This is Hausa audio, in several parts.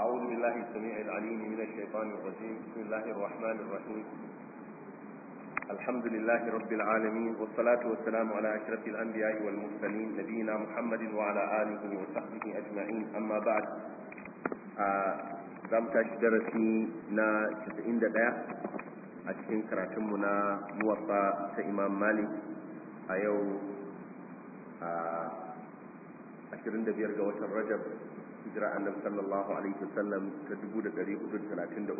أعوذ بالله السميع العليم من الشيطان الرجيم بسم الله الرحمن الرحيم الحمد لله رب العالمين والصلاة والسلام على أشرف الأنبياء والمرسلين نبينا محمد وعلى آله وصحبه أجمعين أما بعد زم تاش درسي نا تسعين دقيقة أتكين كراتمنا موطا إمام مالك أيو 25 ga watan الرجب hijira annabi sallallahu alaihi wasallam ta 1433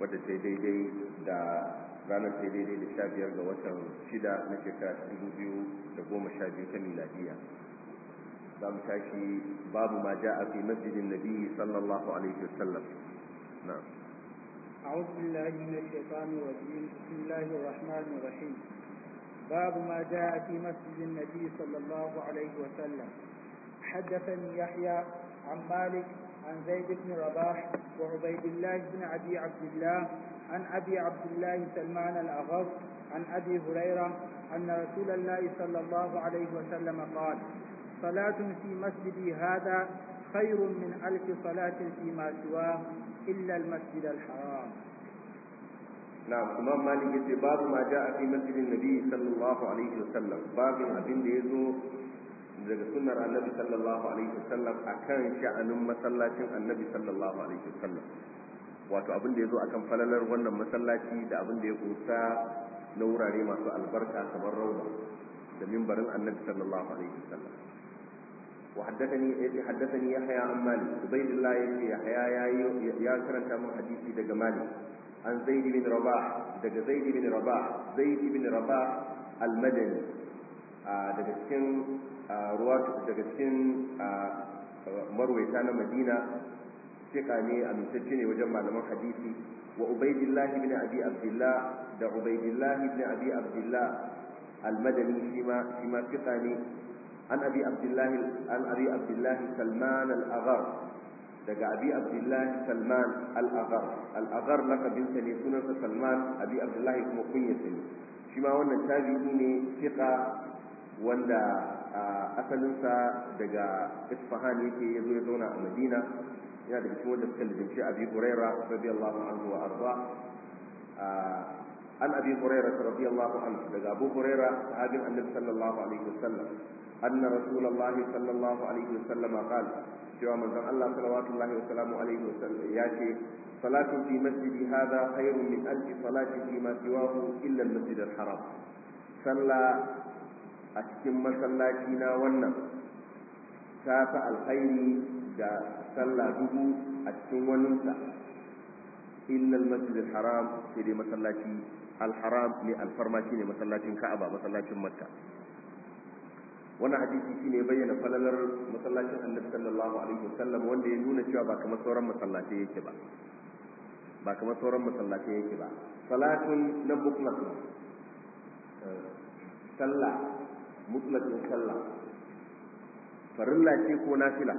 wadda ta daidai da ranar ta daidai da biyar ga watan shida, na shekara 2012 ta miladiya za mu tashi babu ma ja'a fi masjidin nabi sallallahu alaihi wasallam na أعوذ بالله من الشيطان الرجيم بسم الله الرحمن الرحيم باب ما جاء في مسجد النبي صلى الله عليه وسلم حدثني يحيى عن مالك عن زيد بن رباح وعبيد الله بن أبي عبد الله عن أبي عبد الله سلمان الأغر عن أبي هريرة أن رسول الله صلى الله عليه وسلم قال صلاة في مسجدي هذا خير من ألف صلاة فيما سواه إلا المسجد الحرام نعم إمام مالك باب ما جاء في مسجد النبي صلى الله عليه وسلم باب أبن ديزو daga sunar annabi sallallahu alaihi wasallam kan sha'anin masallacin annabi sallallahu alaihi wasallam wato abin da ya zo a kan falalar wannan masallaci da abin da ya kusa na wurare masu albarka kamar rauna da mimbarin annabi sallallahu alaihi wasallam wa haddathani yace eh, haddathani yahya an malik ubaydullah yace yahya yayi ya karanta mun hadisi daga malik an zaid bin rabah daga zaid bin rabah zaid bin rabah al-madani ah, daga cikin ruwa daga cikin marwaita na madina shika ne amintacce ne wajen malaman hadisi wa ubaidillah ibn abi abdullah da ubaidillah ibn abi abdullah al-madani shima ma shika ne an abi abdullah an abi abdullah salman al-aghar daga abi abdullah salman al-aghar al-aghar laqabinsa ne sa salman abi abdullah kuma kunyarsa ne shima wannan tabi'i ne shika wanda asalinsa daga isfahan yake ya zo ya zauna a madina yana da cikin wanda suka lizinci abi huraira radiyallahu anhu wa arda an abi huraira radiyallahu anhu daga abu huraira sahabin annabi sallallahu alaihi wasallam anna rasulullah sallallahu alaihi wasallam qala cewa manzon Allah sallallahu wasallam alaihi wasallam ya ce salatu fi masjidi hadha khairun min alf salati fi ma siwahu illa al-masjid al-haram sallah a cikin masallaci na wannan ta fi alkhairi da sallah dubu a cikin waninsa illal masjidil haram sai dai masallaci alharam ne alfarmaci ne masallacin ka'aba masallacin makka wannan hadisi shine bayyana falalar masallacin annabi sallallahu alaihi wasallam wanda ya nuna cewa ba kamar sauran masallace yake ba ba kamar sauran masallace yake ba salatun na mutlaq eh, sallah mutlakin sallah farilla ce ko nafila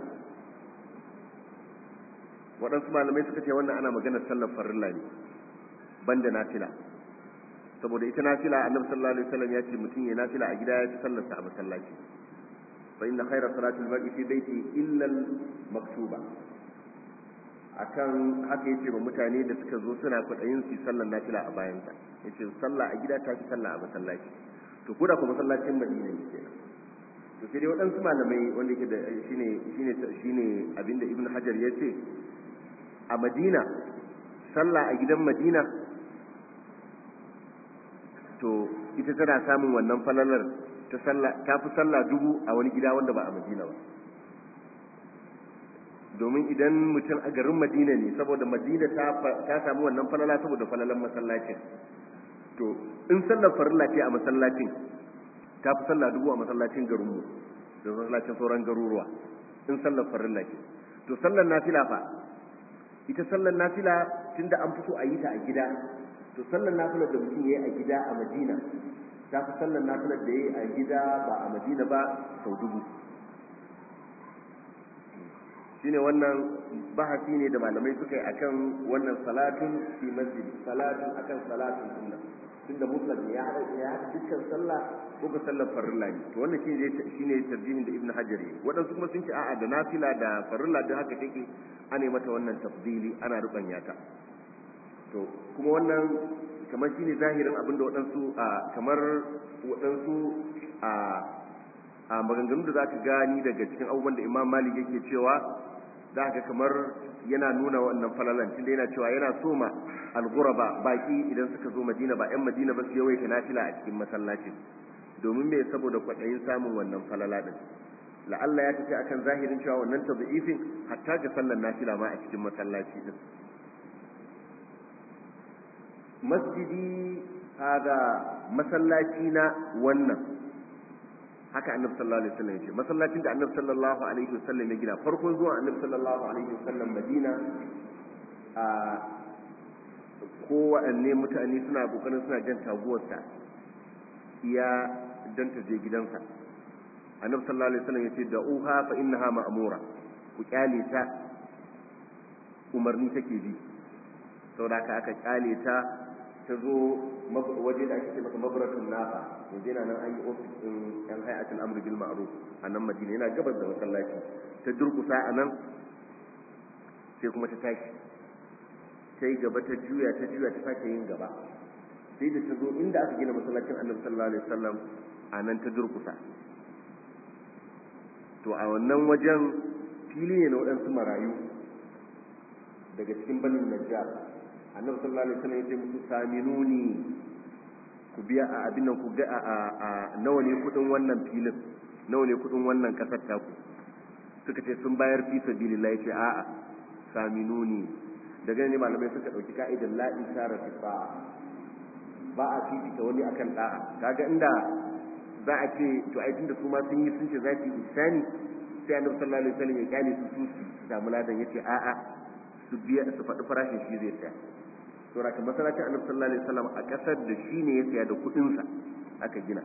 waɗansu malamai suka ce wannan ana maganar sallar farilla ne banda nafila saboda ita nafila annabi sallallahu alaihi wasallam ya ce mutum ya nafila a gida ya ci sallar sa a masallaci fa inna khayra salati al-mar'i fi baiti illa al-maktuba akan haka yace ba mutane da suka zo suna kwadayin su sallar nafila a bayan ta yace sallah a gida ta ci sallah a masallaci to ko da ku masallacin madina ne kenan to sai dai waɗansu malamai wanda yake da shine shine shine abinda ibn hajar ya ce a madina sallah a gidan madina to ita tana samun wannan falalar ta sallah ta fi sallah dubu a wani gida wanda ba a madina ba domin idan mutum a garin madina ne saboda madina ta samu wannan falala saboda falalan masallacin to in sallar farilla ce a masallacin ta fi sallah dubu a masallacin garinmu da masallacin sauran garuruwa in sallar farilla ce to sallar nafila fa ita sallar nafila tunda an fito a yi ta a gida to sallar nafila da mutum ya yi a gida a madina ta fi sallar nafilar da ya yi a gida ba a madina ba sau dubu shine wannan bahasi ne da malamai suka yi akan wannan salatun fi masjid salatun akan salatun sunna tunda mutlaq ya hada ya dukkan sallah ko ka sallar farilla ne to wannan shine shine tarjihin da ibnu hajar yi waɗansu kuma sun ce a'a da nafila da farilla da haka take ana mata wannan tafdili ana rubanya ta to kuma wannan kamar shine zahirin abin da a kamar wadansu a a maganganun da zaka gani daga cikin abubuwan da imam malik yake cewa za ka kamar yana nuna wannan falalan tunda yana cewa yana so ma al-ghuraba baki idan suka zo Madina ba ƴan Madina ba su yawaita nafila a cikin masallacin domin me saboda kwaɗayin samun wannan falala din la'alla ya tafi akan zahirin cewa wannan tad'ifin hatta ga sallan nafila ma a cikin masallaci din masjidi hada masallaci na wannan haka annabi sallallahu alaihi wasallam yace masallacin da annabi sallallahu alaihi wasallam ya gina farkon zuwa annabi sallallahu alaihi wasallam Madina a kowanne mutane suna kokarin suna jan taguwarsa ya dan je gidansa annabi sallallahu alaihi wasallam yace da uha fa innaha ma'mura ku kyale ta umarni take bi saboda haka aka kyale ta ta zo waje da ake ce maka mabratun nafa yanzu yana nan an yi ofis ɗin yan hayatul amr bil ma'ruf a nan madina yana gabas da masallaci ta durƙusa a nan sai kuma ta tashi ta yi gaba ta juya ta juya ta sake yin gaba sai da ta zo inda aka gina masallacin annabi sallallahu alaihi wasallam a nan ta durƙusa to a wannan wajen fili ne na waɗansu marayu daga cikin banin najjar annabi sallallahu alaihi wasallam ya ce musu saminuni ku biya a abin nan ku ga a nawa ne kudin wannan filin nawa ne kudin wannan kasar taku suka ce sun bayar fi sabilillah yace a'a saminuni daga ne malamai suka dauki ka'idar la isara fi ba'a ba a fifita wani akan da'a kaga inda za a ce to ai tunda su ma sun yi sun ce za su yi sani sai annabi sallallahu alaihi wasallam ya kyale su su samu ladan yace a'a su biya su faɗi farashin shi zai tsaya saboda kan masallacin annabi sallallahu alaihi wasallam a kasar da shine ya saya da kuɗinsa aka gina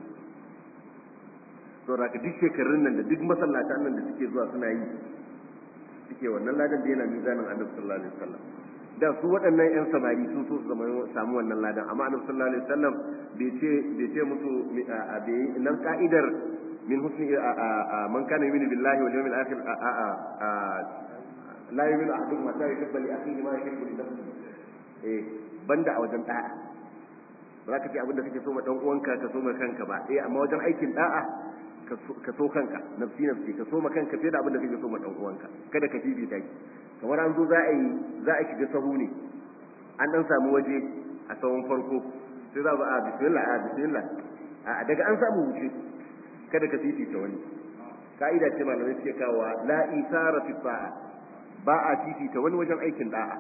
saboda ka duk shekarun nan da duk masallatan nan da suke zuwa suna yi suke wannan ladan da yana mizanin annabi sallallahu alaihi wasallam da su waɗannan yan samari sun so su samu wannan ladan amma annabi sallallahu alaihi wasallam bai ce bai ce musu nan ka'idar min husni man kana yu'minu billahi wal yawmil akhir la yu'minu ahadukum hatta yuhibba li akhihi ma yuhibbu li nafsihi eh banda a wajen da'a ba za ka ce abinda kake so ma dan uwanka ka so ma kanka ba eh amma wajen aikin da'a ka so kanka nafsi nafsi ka so ma kanka fiye da abinda kake so ma dan uwanka kada ka fifita shi kamar an zo za a yi za a shiga sahu ne an dan samu waje a sahun farko sai za ba a ah, bismillah a ah, bismillah a ah, daga an samu wuce kada ka ta wani ka'ida ce malamai suke kawo la isara fi ba a ta wani wajen aikin da'a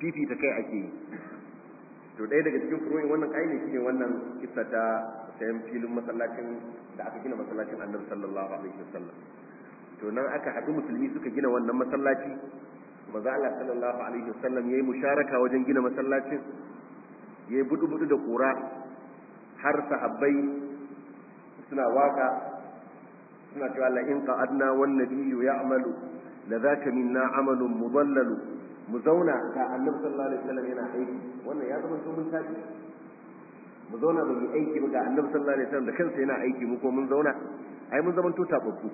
fifita kai ake yi to ɗaya daga cikin furoyin wannan ƙa'ida shine wannan kissa ta sayan filin masallacin da aka gina masallacin annabi sallallahu alaihi wasallam to nan aka haɗu musulmi suka gina wannan masallaci manzo Allah sallallahu alaihi wasallam yayi musharaka wajen gina masallacin yayi budu-budu da kura har sahabbai suna waka suna cewa Allah in qa'adna wan nabiyyu ya'malu la zaka minna amalun mudallalu mu zauna ga annabi sallallahu alaihi wasallam yana aiki wannan ya zama mun tafi mu zauna mu yi aiki ga annabi sallallahu alaihi wasallam da kansa yana aiki mu ko mun zauna ai mun zamanto tababbu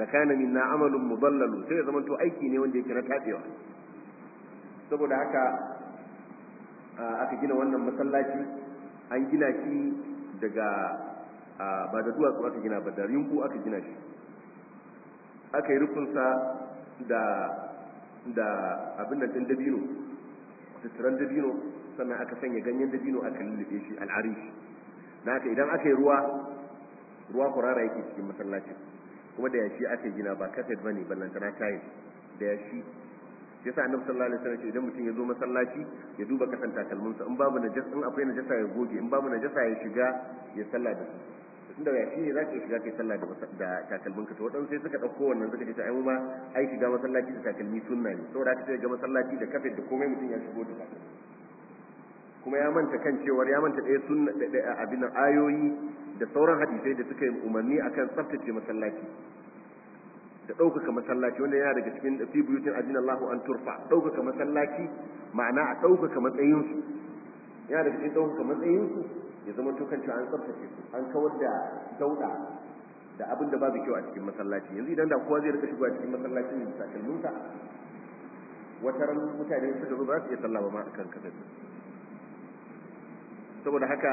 la kana minna amalun mudallalu sai ya to aiki ne wanda yake na tabewa saboda haka aka gina wannan masallaci an gina shi daga ba da duwatsu aka gina ba da rinku aka gina shi aka yi rufinsa da da abin da ɗin dabino suturan dabino sannan aka sanya ganyen dabino aka lullube shi al'arish na aka idan aka yi ruwa ruwa kurara yake cikin masallacin kuma da yashi aka gina ba kafet bane ballantana tayin da yashi sa annabi sallallahu alaihi wasallam idan mutum ya zo masallaci ya duba kasan takalminsa in babu najasa in akwai najasa ya goge in babu najasa ya shiga ya sallah da su tunda ya shi ne za ka shiga kai sallah da takalmin ka to waɗansu sai suka ɗauko wannan suka ce ta ai ma ai shiga masallaci da takalmi sunna ne saboda haka sai ga masallaci da kafin da komai mutum ya shigo da kuma ya manta kan cewar ya manta ɗaya sunna abin nan ayoyi da sauran hadisai da suka yi umarni akan tsaftace masallaci da ɗaukaka masallaci wanda yana daga cikin fi buyutin ajin Allahu an turfa ɗaukaka masallaci ma'ana a ɗaukaka matsayinsu yana daga cikin ɗaukaka matsayinsu ya zama tukan cewa an tsabtace su an kawar da dauda da abin da babu kyau a cikin masallaci yanzu idan da kowa zai rika shigo a cikin masallacin da takalminsa wata ran mutane su da za su iya sallah ba ma akan kasar saboda haka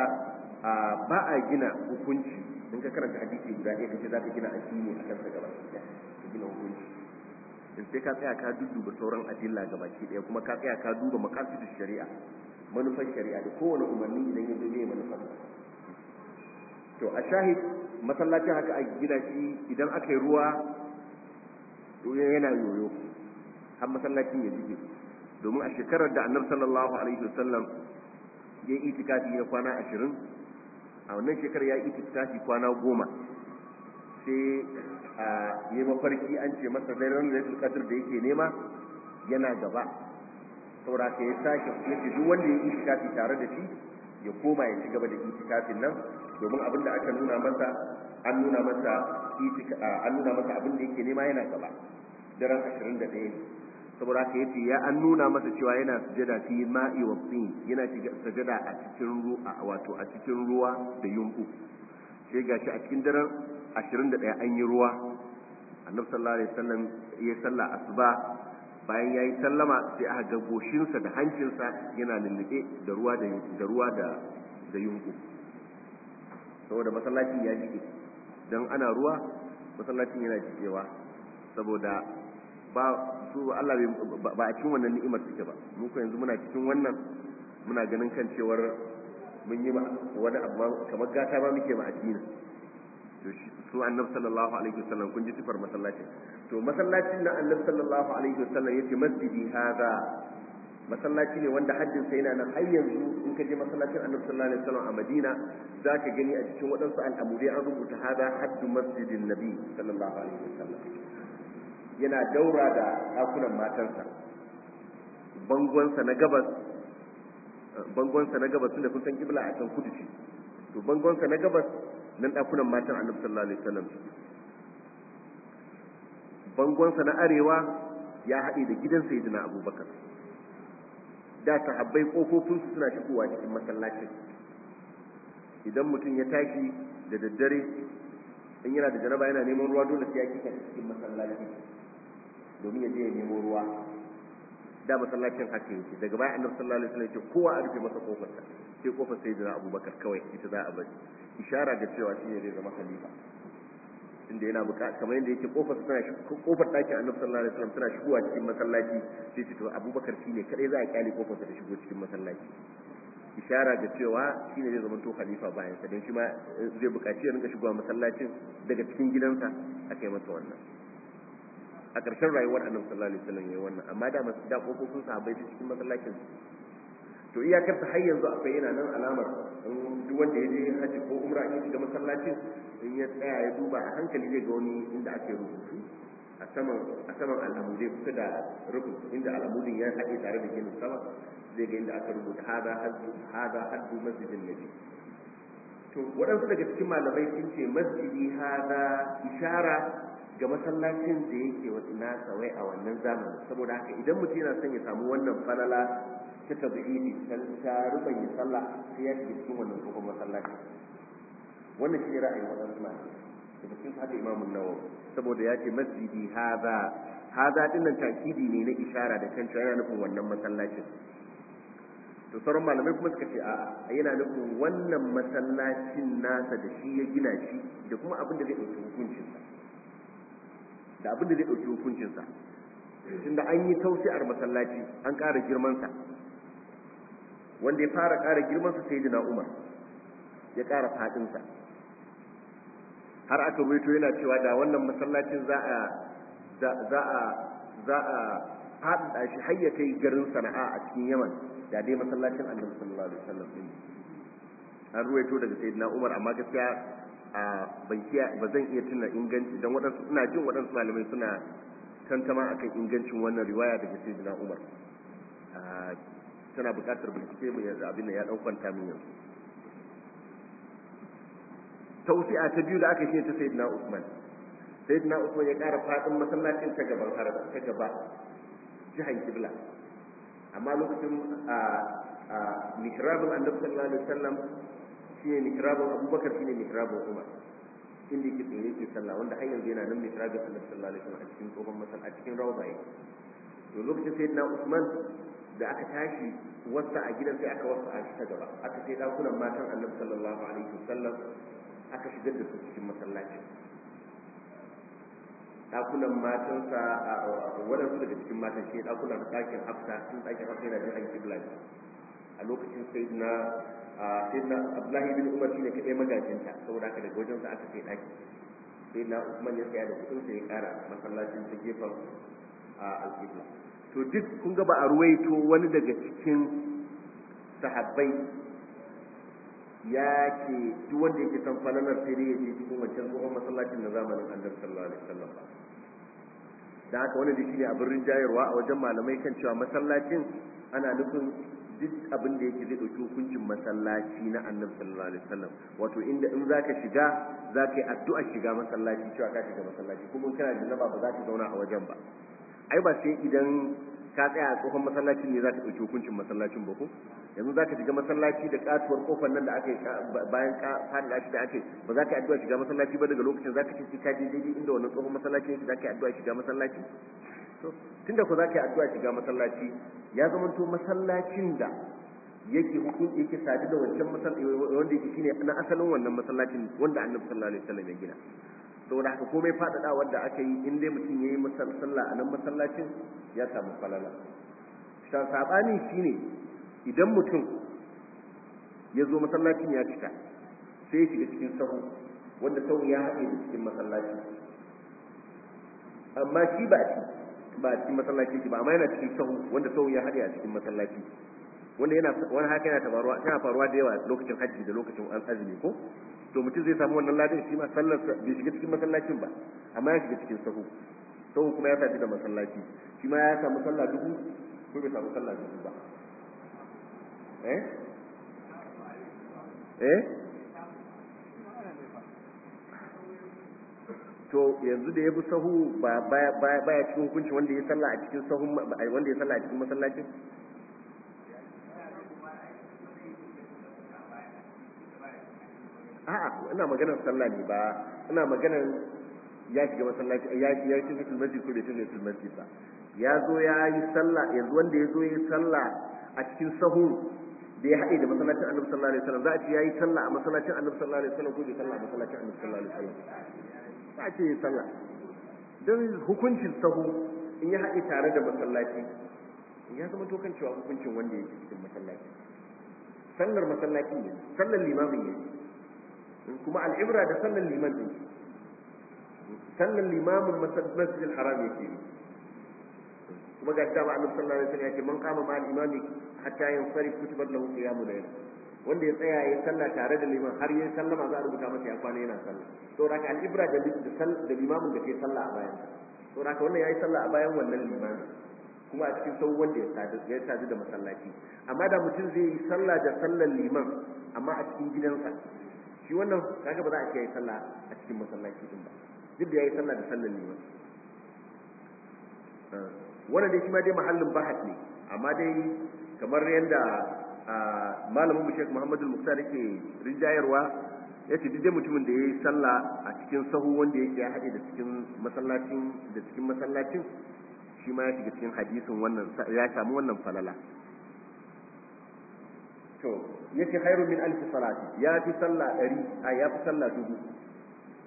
ba a gina hukunci in ka karanta hadisi guda ɗaya kace zaka gina addini akan sa gaba ka gina hukunci in sai ka tsaya ka dudduba sauran adilla gaba ki ɗaya kuma ka tsaya ka duba maqasidish shari'a manufar shari'a da kowane umarni idan ya zo ne manufar to a shahid masallacin haka a gina shi idan aka yi ruwa yana yoyo har masallacin ya jike domin a shekarar da annabi sallallahu alaihi wasallam ya yi itikafi na kwana ashirin a wannan shekarar ya yi itikafi kwana goma sai a yi mafarki an ce masa zai ranar da yake nema yana gaba saboda ka ya sake ya ce duk wanda ya yi itikafi tare da shi ya koma ya ci gaba da itikafin nan domin abin da aka nuna masa an nuna masa itika an nuna masa abin da yake nema yana gaba daren 21 ne saboda ka yace ya an nuna masa cewa yana sujada fi ma'i wa tsin yana sujada a cikin ruwa wato a cikin ruwa da yumbu sai gashi a cikin daren 21 an yi ruwa annabi sallallahu alaihi wasallam ya salla asuba bayan ya yi sallama sai aka ga goshinsa da hancinsa yana lullube da ruwa da da ruwa da da yunku saboda masallacin ya jike don ana ruwa masallacin yana jikewa saboda ba su Allah ba a cikin wannan ni'imar suke ba mu ko yanzu muna cikin wannan muna ganin kan cewar mun yi wani abu kamar gata ma muke ba a to su annabi sallallahu alaihi wasallam kun ji sifar masallacin to masallacin na annabi sallallahu alaihi wasallam yace masjidi hada masallaci ne wanda hajjin sa yana nan har yanzu in ka je masallacin annabi sallallahu alaihi wasallam a Madina za ka gani a cikin waɗansu al'amuri an rubuta hada haddu masjidin nabi sallallahu alaihi wasallam yana daura da ɗakunan matansa bangonsa na gabas bangonsa na gabas tunda kun san kibla a can kudu ce to bangonsa na gabas nan ɗakunan matan annabi sallallahu alaihi wasallam bangonsa na arewa ya haɗe da gidan sayidina abubakar da sahabbai ƙofofinsu suna shigowa cikin masallacin idan mutum ya tashi da daddare in yana da jaraba yana neman ruwa dole sai ya kika cikin masallacin domin ya je ya nemo ruwa da masallacin haka yake daga baya annabi sallallahu alaihi wasallam ya ce kowa a rufe masa kofar sai kofar sayyidina abubakar kawai ita za a bari ishara ga cewa shi ne zai zama khalifa tunda yana buƙatar kamar yadda yake kofar tana kofar ɗakin annabi sallallahu alaihi wasallam tana shigowa cikin masallaci sai ce to abubakar shine kadai za a kyale kofar ta shigo cikin masallaci ishara ga cewa shine zai zama to khalifa bayan sa dan shi ma eh, zai buƙaci ya rinka shigowa masallacin daga cikin gidansa kai masa wannan a ƙarshen rayuwar annabi sallallahu alaihi wasallam yayin wannan amma da da kofofin sahabbai ta cikin masallacin to iyakar ta har yanzu akwai yana nan alamar duk wanda ya je haji ko umra ya shiga masallacin in ya tsaya ya duba a hankali zai ga wani inda ake rubutu a saman a saman al'amudai kusa da rukun inda al'amudin ya haɗe tare da ginin sama zai ga inda aka rubuta hada haddu hada haddu masjidin nabi to waɗansu daga cikin malamai sun ce masjidi hada ishara ga masallacin da yake na tsawai a wannan zamanin saboda haka idan mutum yana son ya samu wannan falala ta tabi'i ta rubanya sallah sai ya shiga cikin wannan kuma masallaci wannan shi ne ra'ayin waɗansu malamai daga cikin hada imamun nawawi saboda ya ce masjidi haza haza din nan takidi ne na ishara da kanta yana nufin wannan masallacin to sauran malamai kuma suka ce a'a yana nufin wannan masallacin nasa da shi ya gina shi da kuma abin da zai ɗauki hukuncinsa da abin da zai ɗauki hukuncinsa tunda an yi tausiyar masallaci an ƙara girmansa wanda ya fara ƙara girmansa sai umar ya ƙara faɗinsa har aka ruwaito yana cewa da wannan masallacin za a za a za a faɗaɗa shi har ya kai garin sana'a a cikin yaman da dai masallacin annabi sallallahu alaihi wasallam din an ruwaito daga sayyidina umar amma gaskiya a ban ba zan iya tuna inganci dan waɗansu ina jin waɗansu malamai suna tantama akan ingancin wannan riwaya daga sayyidina umar tana buƙatar bincike mu yanzu abin da ya ɗaukanta min yanzu tausi'a ta biyu da aka yi ta sayyidina Usman sayyidina Usman ya ƙara fadin masallacin ta gaban haram ta gaba jihan kibla amma lokacin a a mihrabul annabi sallallahu alaihi wasallam shine mihrabul Abubakar shine mihrabul Umar inda yake tsaye yake sallah wanda har yanzu yana nan mihrabul annabi sallallahu alaihi wasallam a cikin tsohon masallaci a cikin to lokacin sayyidina Usman da aka tashi wasa a gidan sai aka wasa a shi ta gaba aka sai dakunan matan annabi sallallahu alaihi wasallam aka shigar da su cikin masallacin dakunan matansa a su daga cikin matan shi dakunan dakin hafsa sun dakin hafsa yana jin an kibla ne a lokacin sai na sai na abdullahi bin umar shine kadai magajinta saboda haka daga wajen sa aka sai daki sai na usman ya tsaya da sa ya kara masallacin ta gefen alƙibla to duk kun ga ba a ruwaito wani daga cikin sahabbai ya ke duk wanda yake san falalar sai dai ya je cikin wancan tsohon masallacin na zamanin annabi sallallahu alaihi wasallam ba da haka wani da shine abin rinjayarwa a wajen malamai kan cewa masallacin ana nufin duk abin da yake zai dauki hukuncin masallaci na annabi sallallahu alaihi wasallam wato inda in zaka shiga zaka yi addu'a shiga masallaci cewa ka shiga masallaci kuma kana da ba za ka zauna a wajen ba ai ba sai idan ka tsaya a tsohon masallacin ne za ka ɗauki hukuncin masallacin ba ko yanzu za ka shiga masallaci da katuwar kofar nan da aka yi bayan faɗaɗa shi da aka ba za ka addu'a shiga masallaci ba daga lokacin za ka ce ka je daidai inda wannan tsohon masallacin yake za ka addu'a shiga masallaci to tunda ko za ka yi addu'a shiga masallaci ya zama to masallacin da yake hukun yake sadu da wancan masallaci wanda yake shine na asalin wannan masallacin wanda annabi sallallahu alaihi wasallam ya gina saboda haka komai faɗaɗa wanda aka yi in dai mutum ya yi sallah a nan masallacin ya samu falala saɓani shine idan mutum ya zo masallacin ya cika sai ya shiga cikin sahu wanda sahu ya haɗe da cikin masallacin amma shi ba ba a cikin masallacin shi ba amma yana cikin sahu wanda sahu ya haɗe a cikin masallaci wanda yana wani haka yana tabaruwa yana faruwa da yawa lokacin hajji da lokacin azumi ko to mutum zai samu wannan ladan shi ma sallar bai shiga cikin masallacin ba amma ya shiga cikin sahu sahu kuma ya tafi da masallaci shi ma ya samu sallah dubu ko bai samu sallah dubu ba eh eh to yanzu da ya bi sahu ba baya cikin hukunci wanda ya sallah a cikin sahun wanda ya sallah a cikin masallacin a'a ina maganar sallah ne ba ina maganar ya shiga masallaci ya ya yi tafi masjid ko bai tafi masjid ba ya zo ya yi sallah yanzu wanda ya zo ya yi sallah a cikin sahu da ya haɗe da masallacin annabi sallallahu alaihi wasallam za a ce ya yi sallah a masallacin annabi sallallahu alaihi wasallam ko bai sallah a masallacin annabi sallallahu alaihi wasallam za a ce ya sallah don hukuncin sahu in ya haɗe tare da masallaci ya zama tokancewa kan hukuncin wanda ya yake cikin masallaci sallar masallaci ne sallar limamin ne kuma al'ibra da sallan liman din sallan limamin al haram yake kuma ga dama annabi sallallahu alaihi wasallam yake man qama ma al-imami hatta yansarif kutibat lahu qiyamul layl wanda ya tsaya ya sallah tare da liman har ya sallama za a rubuta masa ya kwana yana sallah to raka al-ibra da da limamin da ke sallah a bayan to raka wannan yayi sallah a bayan wannan limamin kuma a cikin sau wanda ya sadu da masallaci amma da mutum zai yi sallah da sallar liman amma a cikin gidansa shi wannan kaga ba za a kiyaye sallah a cikin masallaci din ba duk da yayi sallah da sallan ne eh, wannan dai shi ma dai mahallin bahat ne amma dai kamar yanda malamin mu Sheikh Muhammadu Muktar yake rinjayarwa yace duk dai mutumin da yayi sallah a cikin sahu wanda yake ya hade da cikin masallacin da cikin masallacin shi ma ya shiga cikin hadisin wannan ya samu wannan falala to yace khairu min alf salati ya fi sallah ɗari a ya fi sallah dubu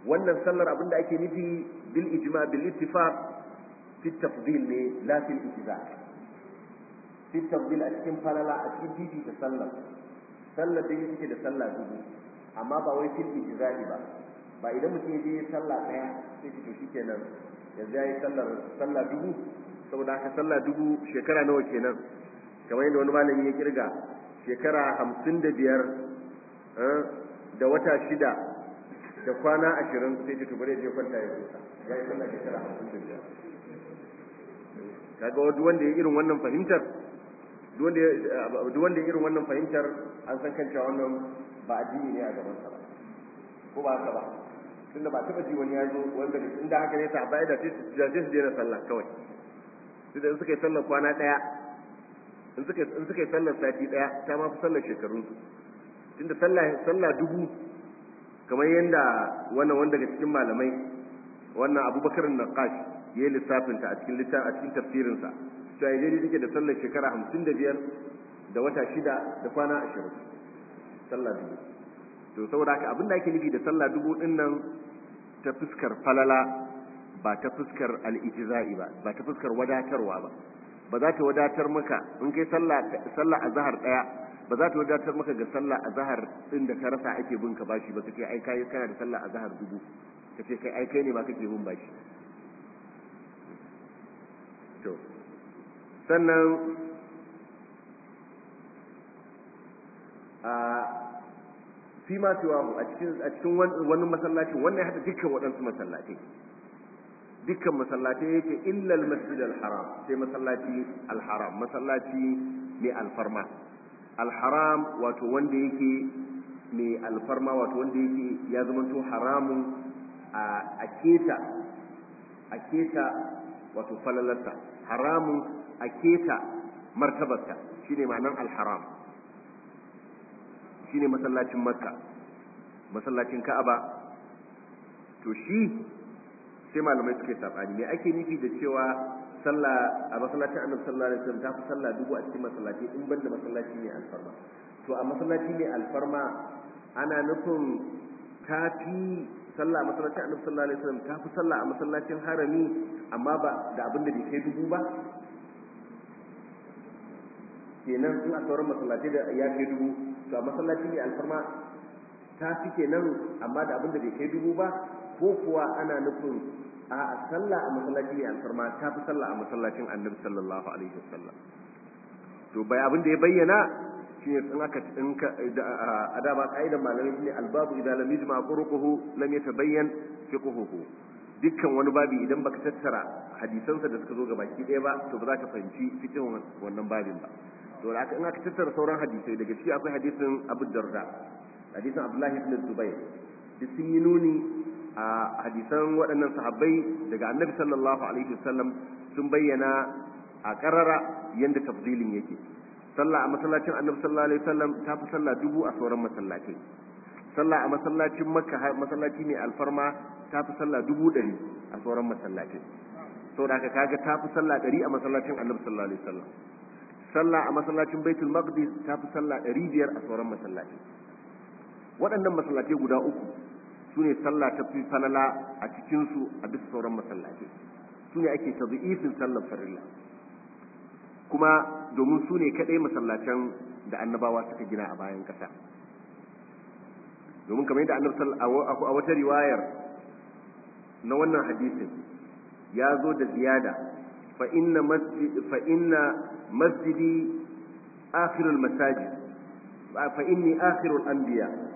wannan sallar abinda ake nufi bil ijma bil ittifaq fi tafdil ne la fi ijza fi tafdil a cikin falala a cikin didi da sallar sallar da yake da sallah dubu amma ba wai fil ijza ba ba idan mutum ya je sallah ɗaya sai shi to shikenan yanzu yayi sallar sallah dubu saboda haka sallah dubu shekara nawa kenan kamar yadda wani malami ya kirga shekara hamsin da biyar eh, da wata shida da kwana ashirin sai ta tubare je kwanta ya kusa ya yi kwanta shekara hamsin da biyar kaga wanda ya irin wannan fahimtar duk wanda ya eh, irin wannan fahimtar an san kanta wannan ba addini ne a gaban sa ba ko ba haka ba tunda ba taba ji wani ya zo wanda inda haka ne ta baya da sai su na sallah kawai sai da suka yi sallah kwana daya in suka yi sallar sati daya ta ma fi sallar shekarun su tunda sallar dubu kamar yadda wannan wanda daga cikin malamai wannan Abubakar ya yi lissafin ta a cikin littafin a cikin tafsirin sa to ai dai take da sallar shekara 55 da wata shida da kwana 20 sallar dubu to saboda haka abin da ake nufi da sallar dubu din nan ta fuskar falala ba ta fuskar al-ijza'i ba ba ta fuskar wadatarwa ba ba za ta wadatar maka in kai sallah a zahar ɗaya ba za ta wadatar maka ga sallah a zahar ɗin da ka rasa ake bin ka bashi ba kai ai yi kana da sallah a zahar dubu ka ce kai ai kai ne ka kake bin bashi to sannan a fi ma siwahu a cikin wani masallacin wannan ya hada dukkan waɗansu masallacin dukkan masallatai yake illal masjid al-haram sai masallaci alharam masallaci mai alfarma alharam wato wanda yake mai alfarma wato wanda yake ya zamanto haramun a aketa a wato falalarsa haramun aketa keta martabarta shine ma'anar alharam shine masallacin makka masallacin ka'aba to shi sai malamai suka yi sabani me ake nufi da cewa sallah a masallacin annabi sallallahu alaihi wasallam ta fi sallah dubu a cikin masallaci in banda masallaci ne alfarma to a masallaci ne alfarma ana nufin ta fi sallah a masallacin annabi sallallahu alaihi wasallam ta fi sallah a masallacin harami amma ba da abin da bai kai dubu ba kenan in a sauran masallaci da ya kai dubu to a masallaci ne alfarma ta fi kenan amma da abin da bai kai dubu ba ko kuwa ana nufin a'a sallah a masallaci ne alfarma ta fi sallah a masallacin annabi sallallahu alaihi wasallam to bai abin da ya bayyana shi ne in aka in ka a da ba kaidan malamai ne albabu idan lam yajma qurquhu lam yatabayyan fiqhuhu dukkan wani babi idan baka tattara hadisansa da suka zo ga baki ɗaya ba to ba za ka fahimci fiqhun wannan babin ba to da aka in aka tattara sauran hadisai daga ciki akwai hadisin Abu Darda hadisin Abdullahi ibn Zubair duk sun yi nuni a hadisan waɗannan sahabbai daga annabi sallallahu alaihi wasallam sun bayyana a karara yadda tafzilin yake sallah a masallacin annabi sallallahu alaihi wasallam ta fi sallah dubu a sauran masallacin sallah a masallacin makka masallaci mai alfarma ta fi sallah dubu ɗari a sauran masallacin saboda haka kaga ta fi sallah ɗari a masallacin annabi sallallahu alaihi wasallam sallah a masallacin baitul maqdis ta fi sallah ɗari biyar a sauran masallatai waɗannan masallatai guda uku su ne sallah ta fi falala a cikinsu a bisa sauran masallatai su ne ake tabi'ifin sallar farilla kuma domin su ne kaɗai masallacen da annabawa suka gina a bayan ƙasa domin kamar yadda annabi a wata riwayar na wannan hadisin ya zo da ziyada fa inna masjid fa inna masjidi akhirul masajid fa akhirul anbiya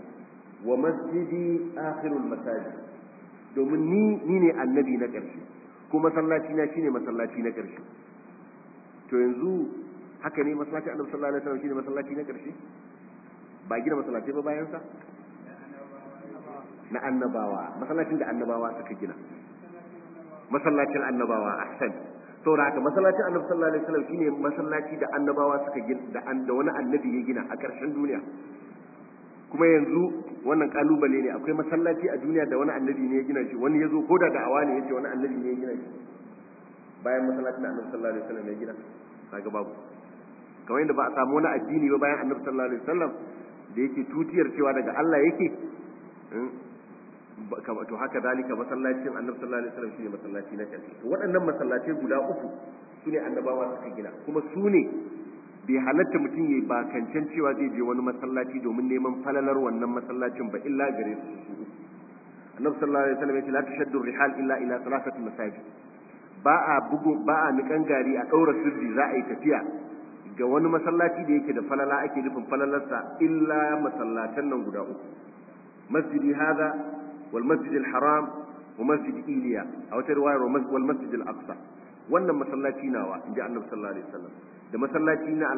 wa masjidi akhirul masajid domin ni ni ne annabi na ƙarshe ko masallaci na shine masallaci na ƙarshe to yanzu haka ne masallaci annabi sallallahu alaihi wasallam shine masallaci na ƙarshe ba gina masallaci ba bayan sa na annabawa masallacin da annabawa suka gina masallacin annabawa ahsan saboda haka masallacin annabi sallallahu alaihi wasallam shine masallaci da annabawa suka gina da wani annabi ya gina a ƙarshen duniya kuma yanzu wannan kalubale ne akwai masallaci a duniya da wani annabi ne ya gina shi wani yazo ko da da'awa ne yace wani annabi ne ya gina shi bayan masallacin da annabi sallallahu alaihi wasallam ya gina kaga babu kamar yadda ba a samu wani addini ba bayan annabi sallallahu alaihi wasallam da yake tutiyar cewa daga Allah yake hmm, to haka dalika masallacin annabi sallallahu alaihi wasallam shine masallaci na karshe to waɗannan masallaci guda uku sune annabawa suka gina kuma sune bai halatta mutum ya ba bakancan cewa zai je wani masallaci domin neman falalar wannan masallacin ba illa gare su su annabi sallallahu alaihi wasallam ya ce la tashaddu rihal illa ila salasati masajid ba a bugu ba a nikan gari a daura sirri za a yi tafiya ga wani masallaci da yake da falala ake nufin falalarsa illa masallatan nan guda uku masjidi hada wal masjid al haram wa masjid iliya a wata riwaya wal masjid al aqsa wannan masallaci nawa inji annabi sallallahu alaihi wasallam da masallaci na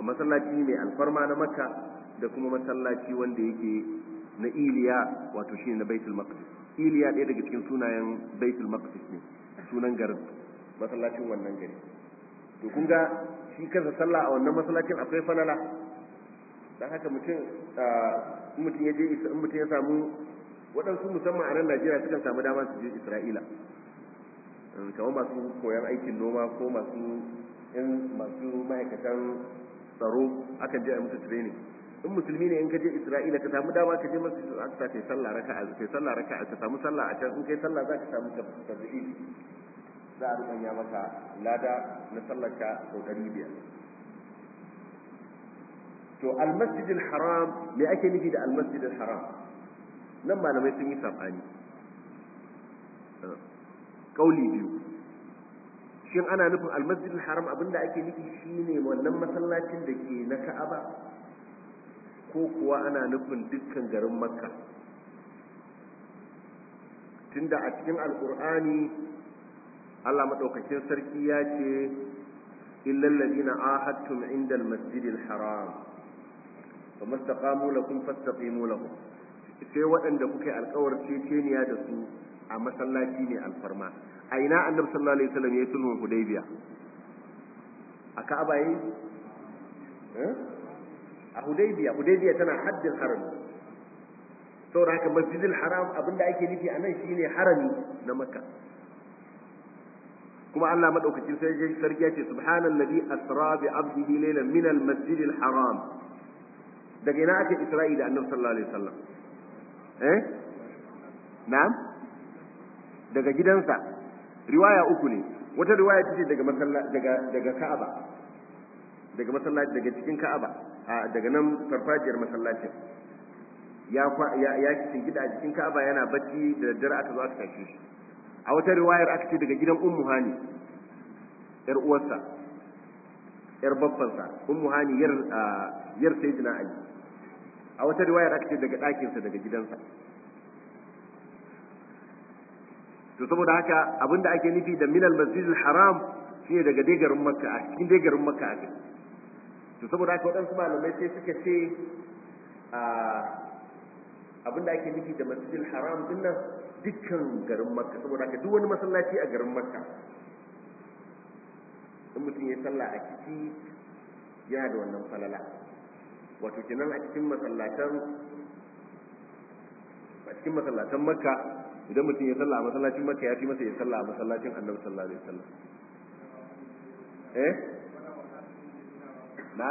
masallaci mai alfarma na makka da kuma masallaci wanda yake na iliya wato shine na baitul maqdis iliya ɗaya daga cikin sunayen baitul maqdis ne sunan garin masallacin wannan gari to kun ga shi kansa sallah a wannan masallacin akwai falala dan haka mutum in mutum ya je in mutum ya samu waɗansu musamman a nan Najeriya sukan samu dama su je Isra'ila kamar masu koyon aikin noma ko masu in masu ma'aikatan tsaro akan je a musu training in musulmi ne in ka je isra'ila ka samu dama ka je masu aksa kai sallah raka a kai sallah raka a samu sallah a can in kai sallah za ka samu tabbidi za a rubanya maka lada na sallar ka sau ɗari biyar to almasjidin haram me ake nufi da almasjidin haram nan malamai sun yi sabani kauli biyu shin ana nufin almasjidul haram abinda ake nufi shine wannan masallacin da ke na ka'aba ko kuwa ana nufin dukkan garin makka tunda a cikin alkur'ani allah maɗaukakin sarki ya ce illal ladina ahadtum inda almasjidil haram fama istaqamu lakum fastaqimu lahum sai waɗanda kuka yi alkawar ceceniya da su a masallaci ne alfarma a ina annabi sallallahu alaihi wasallam ya sulhun hudaybiya a ka'aba yi eh? a hudaybiya hudaybiya tana haddin haram. saboda haka masjidil haram abinda ake nufi a nan shine harami na makka kuma Allah madaukakin sai sarki ya ce subhanallazi asra bi abdihi laylan min almasjidil haram daga ina ake isra'i da annabi sallallahu alaihi wasallam eh na'am daga gidansa riwaya uku ne wata riwaya ce daga masallaci daga daga Ka'aba daga masallaci daga cikin Ka'aba daga nan farfajiyar masallacin ya ya ya gida a cikin Ka'aba yana bacci da daddare aka zo aka tashi shi a wata riwayar aka ce daga gidan Ummu Hani yar uwarsa yar babbansa Ummu Hani yar yar sayyidina Ali a wata riwayar aka ce daga ɗakinsa daga gidansa to saboda haka abinda ake nufi da minal masjidil haram ne daga degarin makka a cikin degarin makka a ake to saboda haka waɗansu malamai sai suka ce abinda ake nufi da masjidil haram din nan dukkan garin makka saboda haka duk wani masallaci a garin makka in mutum ya sallah a ciki yana da wannan falala wato kenan a cikin masallatan a cikin masallatan makka idan mutum ya salla a masallacin makka ya fi masa ya salla a masallacin annabi sallallahu alaihi wasallam eh na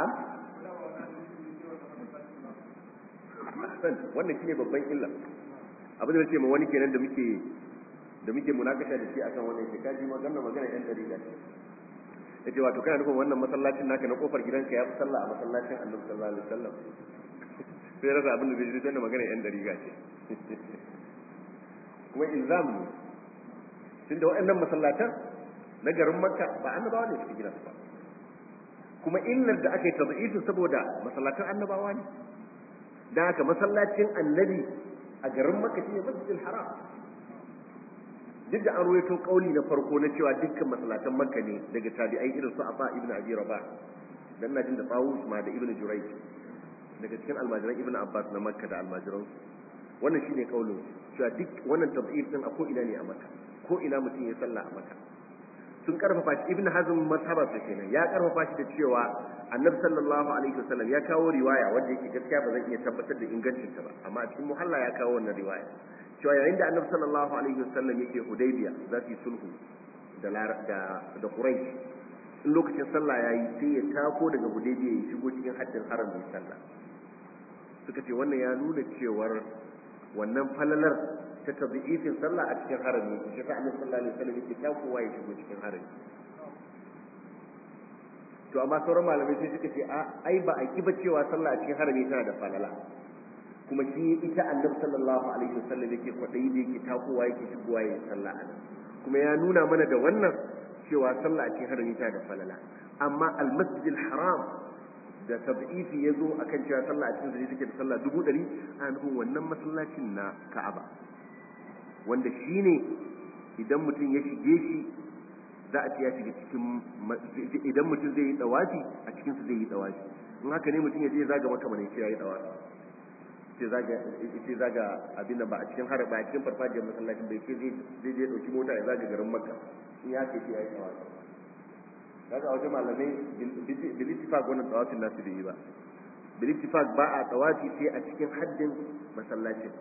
wannan shine babban illa abin da ce ma wani kenan da muke da muke munakasha da shi akan wannan shi kaji magana magana yan dalila da ce wato kana nufin wannan masallacin naka na kofar gidanka ya fi salla a masallacin annabi sallallahu alaihi wasallam sai rasa abin da bai ji zai magana yan dariga ce kuma ilzam ne da waɗannan masallatan na garin makka ba annabawa ne suke gina su ba kuma illar da aka yi tabi'isu saboda masallatan annabawa ne da haka masallacin annabi a garin makka shine masjidil haram duk da an ruwaito kauli na farko na cewa dukkan masallatan makka ne daga tabi'ai irin su Abba ibn Abi Rabah dan najin da Tawus ma da Ibn Jurayj daga cikin almajiran Ibn Abbas na makka da almajiran wannan shine kaulin su cewa duk wannan tabbir din a ko ina ne a maka ko ina mutum ya sallah a maka sun karfafa shi ibn hazm mazhabar sa kenan ya karfafa shi da cewa annabi sallallahu alaihi wasallam ya kawo riwaya wanda yake gaskiya ba zan iya tabbatar da ingancin ta ba amma a cikin muhalla ya kawo wannan riwaya cewa yayin da annabi sallallahu alaihi wasallam yake hudaybiya za su yi sulhu da da da quraish in lokacin sallah yayi sai ya tako daga hudaybiya ya shigo cikin haddin haram mai sallah suka ce wannan ya nuna cewar wannan falalar ta tabi'ifin sallah a cikin harami shi sa annabi sallah ne wasallam yake ta kowa ya shigo cikin harami to amma sauran malamai sai suka ce a ai ba a ki ba cewa sallah a cikin harami tana da falala kuma shi ita annabi sallallahu alaihi wasallam yake kwadayi da yake takowa yake shigowa ya sallah a nan kuma ya nuna mana da wannan cewa sallah a cikin harami tana da falala amma al-masjidil haram da tabi'ifi ya zo a kan cewa sallah a cikin dare take da sallah dubu ɗari a nufin wannan masallacin na ka'aba wanda shi ne idan mutum ya shige shi za a ce ya shiga cikin idan mutum zai yi ɗawafi a cikinsu zai yi ɗawafi in haka ne mutum ya je zaga maka mana ya yi ɗawafi ce zaga abin ba a cikin har ba a cikin farfajiyar masallacin bai ce zai je ɗauki mota ya zaga garin makka in ya ce ya yi tsawa kaga wajen malamai bilitifak wannan tsawafin nasu da yi ba bilitifak ba a tsawafi sai a cikin haddin masallacin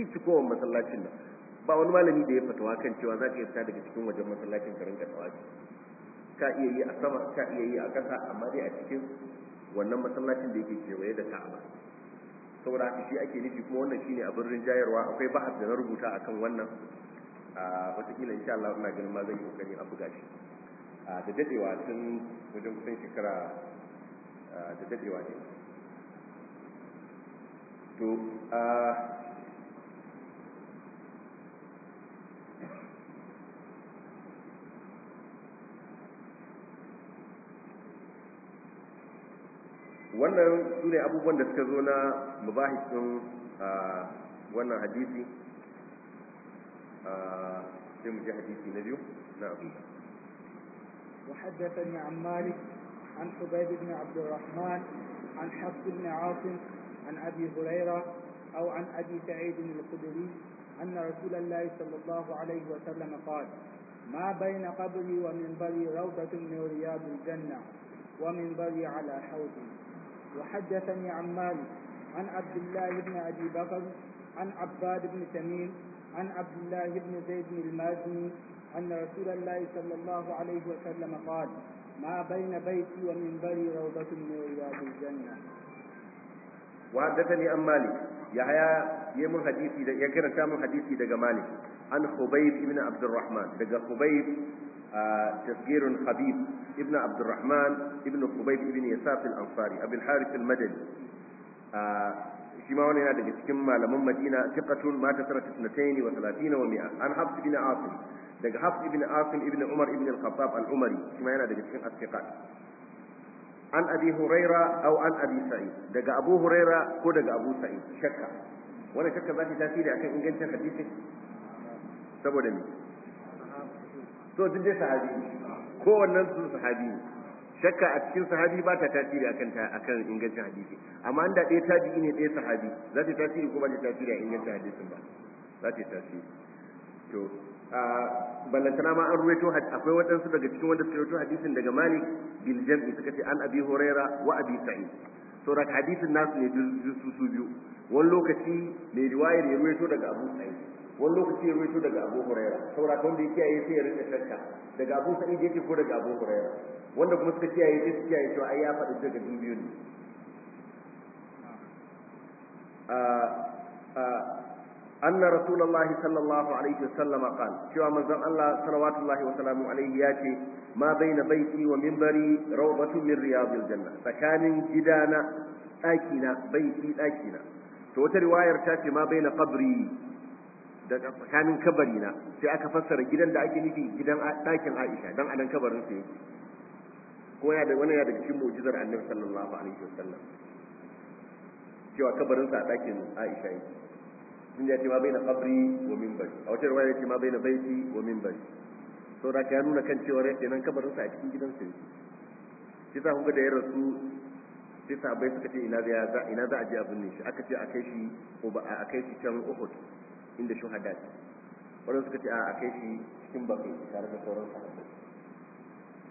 itikowar masallacin nan ba wani malami da ya fatawa kan cewa za ka yi fita daga cikin wajen masallacin ka rinka tsawafi ka iya yi a sama ka iya yi a ƙasa amma dai a cikin wannan masallacin da yake kewaye da ka'aba saboda haka shi ake nufi kuma wannan shine abin rinjayarwa akwai bahas da na rubuta akan wannan a ah, watakila insha Allah ina ganin ma zan yi kokari a buga shi Ah, da dadewa tun wajen kusan shekara ah, da dadewa ne to ah, wannan su ne abubuwan da suka zo na mubahisin wannan hadisi sai mu ji hadisi na biyu na abubuwa وحدثني عن مالك عن حبيب بن عبد الرحمن عن حفص بن عاصم عن أبي هريرة أو عن أبي سعيد الخدري أن رسول الله صلى الله عليه وسلم قال ما بين قبري ومنبري روضة من رياض الجنة ومنبري على حوض وحدثني عن مالك عن عبد الله بن أبي بكر عن عباد بن تميم عن عبد الله بن زيد المازني أن رسول الله صلى الله عليه وسلم قال ما بين بيتي ومنبري روضة من رياض الجنة وحدثني أم مالك يحيى يمن حديثي يا يكرا تامن حديثي دقى مالك عن خبيب ابن عبد الرحمن دقى خبيب آه خبيب ابن عبد الرحمن ابن خبيب ابن يساف الأنصاري أبي الحارث المدني آه، shi ma wannan yana daga cikin malaman madina thiqatun ma tasarat 32 wa 30 wa mi'a. an hafs ibn asim daga hafs ibn asim ibn umar ibn al-khattab al-umari shi ma yana daga cikin as-thiqat an abi huraira aw an abi sa'id daga abu huraira ko daga abu sa'id shakka wannan shakka za ta tasiri akan ingancin hadisin saboda me to duk dai sahabi ko wannan sun sahabi ne shakka a cikin sahabi ba ta tasiri akan akan ingancin hadisi amma inda ɗaya tabi'i ne ɗaya sahabi za ta tasiri ko ba ta tasiri a ingancin hadisin ba za ta tasiri to ballantana ma an ruwaito akwai waɗansu daga cikin wanda suka ruwaito hadisin daga Malik bil Jam'i suka ce an Abi Huraira wa Abi Sa'id da hadisin nasu ne su su biyu wani lokaci mai riwayar ya ruwaito daga Abu Sa'id wani lokaci ya ruwaito daga Abu Huraira saura wanda ya kiyaye sai ya rinka shakka daga Abu Sa'id yake ko daga Abu Huraira wanda kuma suka kiyaye sai su kiyaye cewa ai ya faɗi daga dubiyun ne anna rasulullah sallallahu alaihi wasallam qala cewa manzon Allah sallallahu wa sallamu alaihi ya ce ma baina baiti wa minbari rawdatun min riyadil janna tsakanin gidana ɗakina baiti ɗakina to wata riwayar ta ce ma baina qabri da tsakanin kabari na, sai aka fassara gidan da ake nufi gidan ɗakin Aisha dan anan kabarin sa yake kuma ya da wani ya daga cikin mu'jizar annabi sallallahu alaihi wasallam cewa kabarin sa a dakin Aisha yake sun ya ce ma baina qabri wa minbari a wata ruwaya ya ce ma baina baiti wa minbari to da ya nuna kan cewa rai kenan kabarin sa a cikin sa yake shi sa kun ga da ya rasu sai sahabbai suka ce ina za ina za a je a binne shi aka ce a kai shi ko ba a kai shi can Uhud inda hada ce wannan suka ce a kai shi cikin bakai tare da sauran sahabbai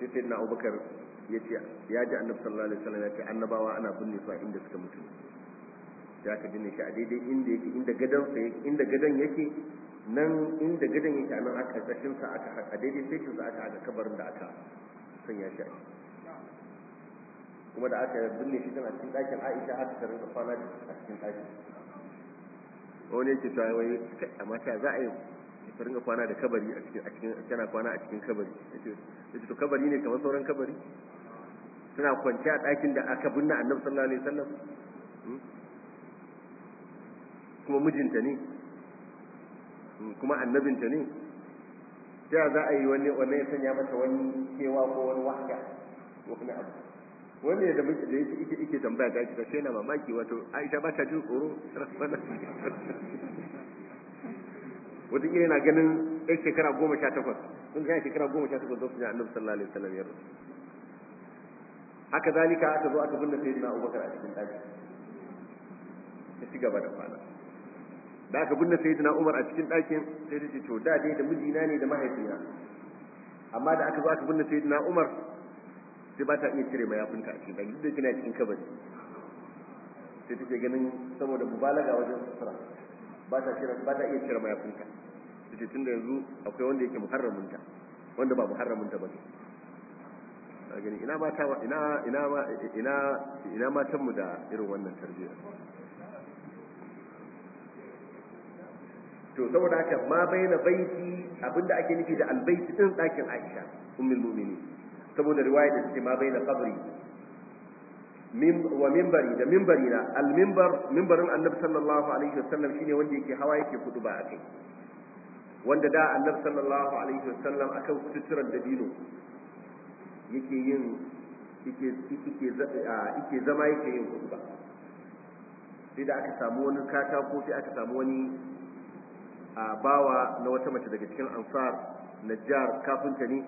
sai sai na Abubakar yace ya ji annabi sallallahu alaihi wasallam yace annabawa ana binne su a inda suka mutu ya ka binne shi a daidai inda yake inda gadan sa yake inda gadan yake nan inda gadan yake nan aka kashin sa aka a daidai sai sa aka aka kabarin da aka sanya shi kuma da aka binne shi tana cikin ɗakin Aisha aka tarin da kwana a cikin ɗakin wani yake ta wai amma ta za a yi ta ringa kwana da kabari a cikin tana kwana a cikin kabari yace to kabari ne kamar sauran kabari suna kwance a ɗakin da aka binne annabi sallallahu alaihi wasallam hmm? kuma mijinta ne hmm, kuma annabinta ne ta za a yi wani wani ya sanya mata wani kewa ko wani wahda ko wani abu wani da muke da yake ike ike tambaya ga shi sai na mamaki wato Aisha ba ta jin tsoro wata kira yana ganin ɗan shekara goma sha takwas sun kai shekara goma sha takwas don su annabi sallallahu alaihi wasallam ya rasu haka zalika aka zo aka binne sayyidina abubakar a cikin daji ya ci gaba da kwana da aka binne sayyidina umar a cikin ɗakin sai ta ce to da dai da mijina ne da mahaifina amma da aka zo aka binne sayyidina umar sai ba ta iya cire yafinta a cikin ɗaki duk da kina cikin kabari sai take ganin saboda mubalaga wajen sutura ba ta cire ba ta iya cire mayafinta sai tunda yanzu akwai wanda yake muharramunta wanda ba muharramunta ba ne a gani ina mata ina ina ina ina matan mu da irin wannan tarbiyya to saboda haka ma baina baiti abinda ake nufi da albaiti din dakin Aisha ummul mu'minin saboda riwaya da take ma baina qabri wa minbari da minbari na al-minbar minbarin annabi sallallahu alaihi wasallam shine wanda yake hawa yake kudu ba akai wanda da annabi sallallahu alaihi wasallam akan kututturan dabino yake yin yake zama yake yin kutuba sai da aka samu wani katako sai aka samu wani bawa na wata mace daga cikin ansar najjar kafinta ne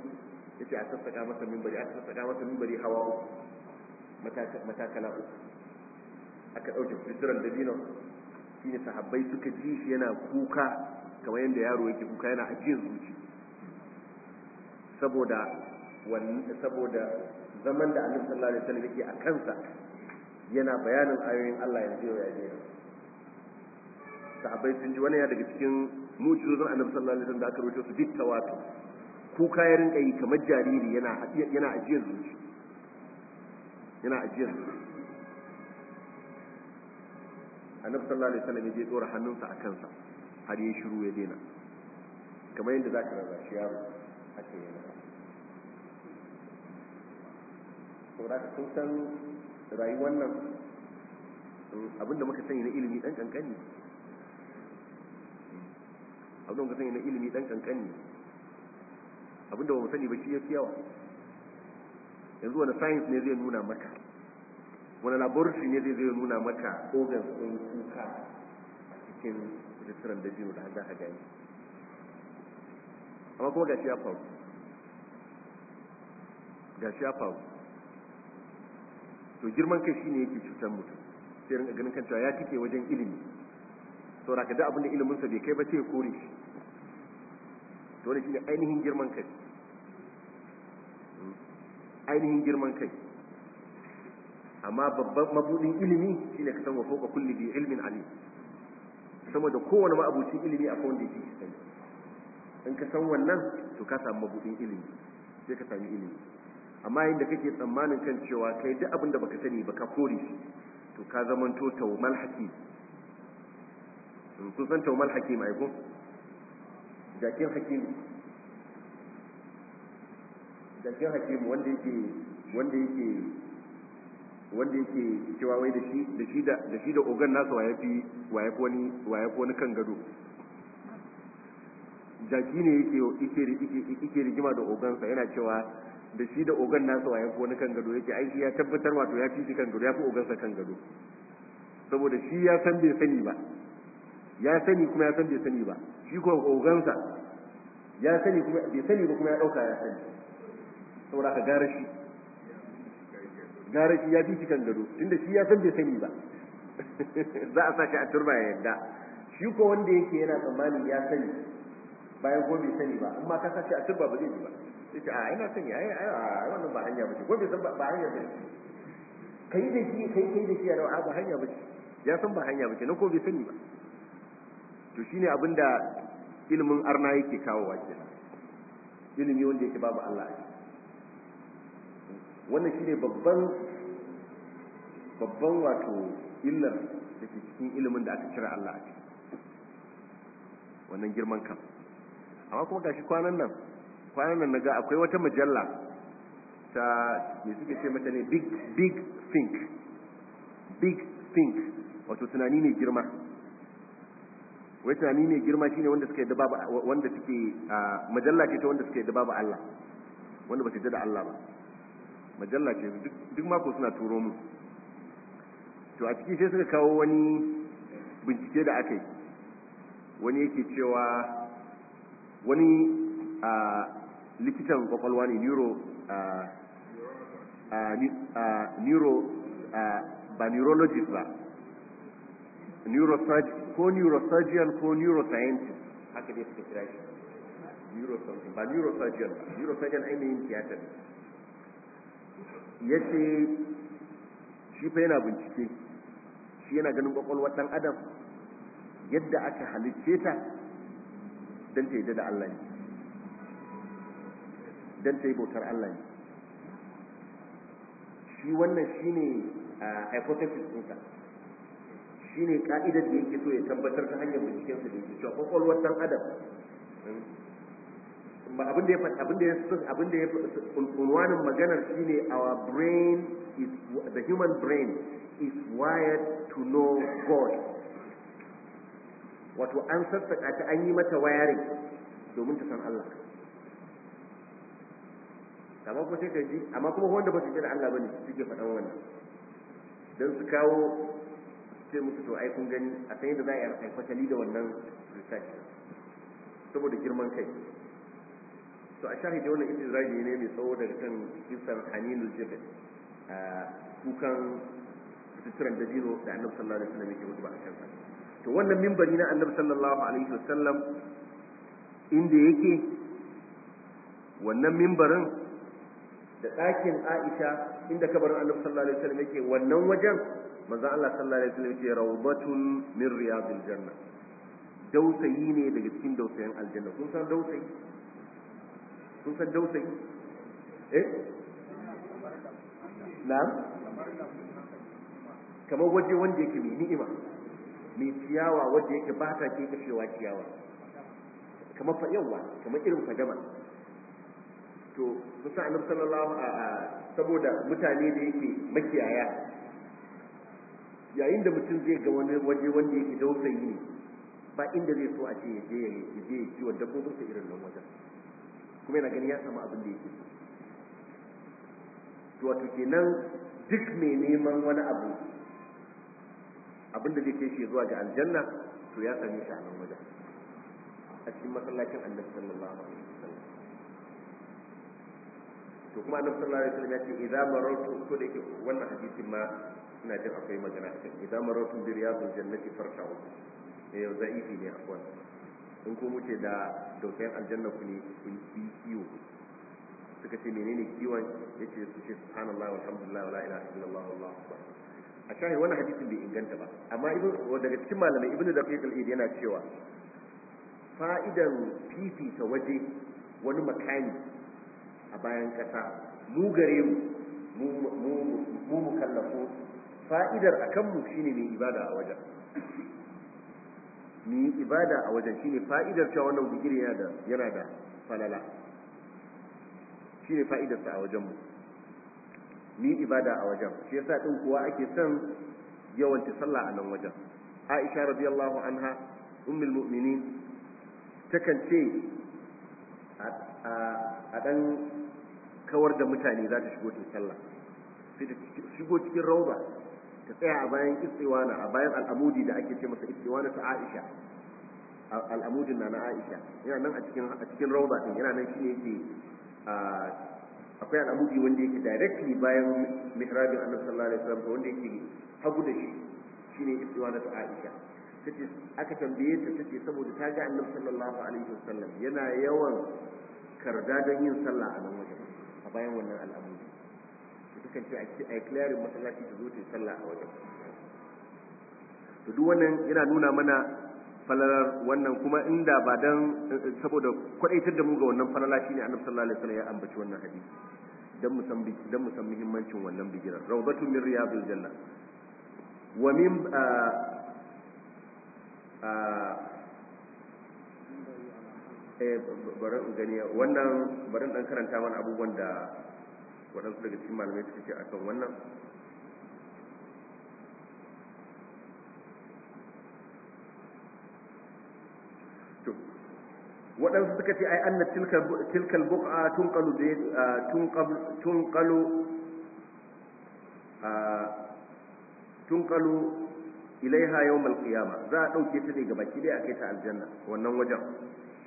ce a sassaka masa mimbari a sassaka masa mimbari hawa uku matakala uku aka ɗauke fitiran dabino shine sahabbai suka ji shi yana kuka kamar yadda yaro yake kuka yana ajiyar zuci saboda wani saboda zaman da annabi sallallahu alaihi wasallam yake a kansa yana bayanin ayoyin Allah yanzu yau ya je sahabbai sun ji wani ya daga cikin mu'jizan annabi sallallahu alaihi wasallam da aka rubuta su duk wato. kuka ya rinka yi kamar jariri yana yana ajiyar zuci yana ajiyar zuci annabi sallallahu alaihi wasallam ya je dora hannunsa a kansa har ya shiru ya daina kamar yadda zaka rarrashi yaro ake yana saboda ka sun san rayuwar nan mm, abinda muka sani na ilimi dan kankani abinda muka sani na ilimi dan kankani abinda ba mu sani ba shi ya fi yawa yanzu wani science ne zai nuna maka wani laboratory ne zai zai nuna maka organs ɗin kuka a cikin rituran da biyu da za ka gani amma kuma gashi ya faru gashi ya faru to girman kai shine yake cutar mutum sai rinka ganin kanta ya tike wajen ilimi saboda ka da abin da ilimin sa bai kai ba sai ya kore shi to ne shine ainihin girman kai ainihin girman kai amma babban mabudin ilimi shine ka san wa fawqa kulli bi ilmin alim sama da kowane ma'abucin ilimi akwai wanda yake sani in ka san wannan to ka samu mabudin ilimi sai ka sami ilimi amma inda da kake tsammanin kan cewa kai duk abin da baka sani ba ka kore shi to ka zamanto tawmal hakim sun san tawmal hakim ai ko jakin hakim jakin hakim wanda yake wanda yake wanda yake cewa wai da shi da shi da da shi da ogan nasa waye fi waye ko ni waye ko ni kan gado jaki ne yake yake yake rigima da ogansa yana cewa da shi da ogan nasa a ko wani kan gado yake aiki ya tabbatar wato ya fi kan gado ya fi ogansa kan gado saboda shi ya san bai sani ba ya sani kuma ya san bai sani ba shi ko ogansa ya sani kuma bai sani ba kuma ya dauka ya sani saboda ka gara shi gara shi ya fi kan gado tunda shi ya san bai sani ba za a sa shi a turba ya yadda shi ko wanda yake yana tsammanin ya sani bayan ko bai sani ba amma ka sa shi a turba ba zai ji ba yace a ah, ina son ya a ah, wannan ba hanya bace gobe san ba hanya bace kai da shi kai kai da shi a ba hanya bace ya san ba hanya bace na ko bai sani ba to shine abinda ilimin arna yake kawo wa kenan ilimi wanda yake babu Allah a wannan shine babban babban wato illar da ke cikin ilimin da aka cire Allah a ciki wannan girman kan amma kuma gashi kwanan nan kwayan nan naga akwai wata mujalla ta me suke ce mata ne big big think big think wato tunani mai girma wai tunani mai girma shine wanda suka yadda babu wanda suke majalla ce ta wanda suka yadda babu Allah wanda ba su yadda da Allah ba majalla ce duk mako suna turo mu to a ciki sai suka kawo wani bincike da aka yi wani yake cewa wani a likitan kwakwalwa ne neuro neuro ba neurologist ba ko neurosurgeon ko neuroscientist haka dai suka kira shi ba neurosurgeon ba neurosurgeon ainihin tiyatar ya ce shi fa yana bincike shi yana ganin kwakwalwar dan adam yadda aka halicce ta don ta yadda da Allah ne don ta yi bautar Allah ne shi wannan shi ne hypothesis ɗinsa shi ne ka'idar da yake so ya tabbatar ta hanyar bincikensa da yake cewa kwakwalwar ɗan adam hmm, abin da ya abin da ya abin da ya unwanin maganar shine our brain is the human brain is wired to know God wato an sassaƙa ta an yi mata wayarin domin ta san Allah amma ko sai ka ji amma kuma wanda ba su da Allah bane suke faɗan wannan dan su kawo sai musu to ai kun gani a san yadda za a yi fatali da wannan research saboda girman kai to a shahidi wannan izraji ne mai tsawo daga kan kisan hanilul jabal kukan da jiro da annabi sallallahu alaihi wasallam yake mutuwa a kansa to wannan mimbari na annabi sallallahu alaihi wasallam inda yake wannan mimbarin da ɗakin Aisha inda kabarin Annabi sallallahu alaihi wasallam yake wannan wajen manzon Allah sallallahu alaihi wasallam yake rawdatun min riyadil janna dausayi ne daga cikin dausayin aljanna kun san dausayi kun san dausayi eh na'am kamar waje wanda yake mai ni'ima mai ciyawa wanda yake ba ta ke kashewa ciyawa kamar fa yawa kamar irin fadama to kusa annabi sallallahu a saboda mutane da yake makiyaya yayin da mutum zai ga wani waje wanda yake dausayi ne ba inda zai so a ce ya je ya je ya ciwon dabbobin irin nan wajen kuma yana gani ya samu abin da yake to wato kenan duk mai neman wani abu abin da zai kai shi zuwa ga aljanna to ya same shi a nan wajen a cikin masallacin annabi sallallahu alaihi to kuma annabi sallallahu alaihi wasallam ya ce idza marartum ko da yake wannan hadisin ma ina jin akwai magana a cikin idza marartum bi riyadul jannati farka'u eh za'ifi ne akwai in ko muke da dokan aljanna ku ne kun bi kiwo suka ce menene kiwon yace su ce subhanallahi walhamdulillah wala ilaha illallah wallahu akbar a shahi wannan hadisin bai inganta ba amma ibn daga cikin malamai ibn daqiq al-id yana cewa fa'idan fifita waje wani makani a bayan ƙasa mu gare mu mu mukallafo fa'idar a kanmu shi ne mai ibada a wajen mu yi ibada a wajen shine fa'idar cewa wannan bugire yana da falala shi ne sa a wajenmu, mu yi ibada a wajen shi yasa din kuwa ake son yawan sallah a nan wajen Aisha radiyallahu anha ummul mu'minin takan ce a ɗan. kawar da mutane za ta shigo ta sallah sai ta shigo cikin rauba ta tsaya a bayan istiwana a bayan al'amudi da ake ce masa istiwana ta Aisha al'amudin na na Aisha yana nan a cikin a cikin rauba din yana nan shine yake akwai al'amudi wanda yake directly bayan mihrabin Annabi sallallahu alaihi wasallam wanda yake hagu da shi shine istiwana ta Aisha tace aka tambaye ta tace saboda ta ga Annabi sallallahu alaihi wasallam yana yawan karda don yin sallah a nan wajen bayan wannan al'amuri su kan ce a clearin masallaci ta zo ta yi sallah a wajen to duk wannan yana nuna mana falalar wannan kuma inda ba dan saboda kwadaitar da mu ga wannan falala shine annabi sallallahu alaihi wasallam ya ambaci wannan hadisi dan mu san dan mu san muhimmancin wannan bigiran rawdatu min riyadil janna wa min ah, ah, eh bari in wannan barin dan karanta mana abubuwan da waɗansu daga cikin malamai suka ce akan wannan waɗansu suka ce ai anna tilkal buqa tunqalu tunqalu tunqalu ilaiha yawm al za a dauke ta ne baki dai a kai ta aljanna wannan wajen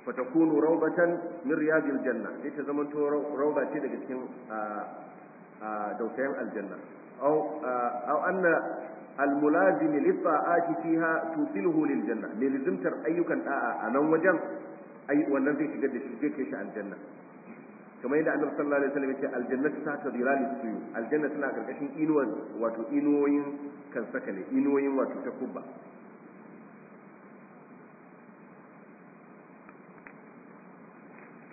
fatakunu raubatan min riyadil janna sai ta zama to rauba ce daga cikin dausayen aljanna aw anna almulazim lit-ta'ati fiha tusilhu lil janna ne lizimtar ayyukan da'a a nan wajen ai wannan zai shigar da shi zai kai shi aljanna kamar yadda annabi sallallahu alaihi wasallam yace ta tahta dhilali suyu aljanna tana karkashin inuwan wato inuwoyin kan saka ne, inuwoyin wato takubba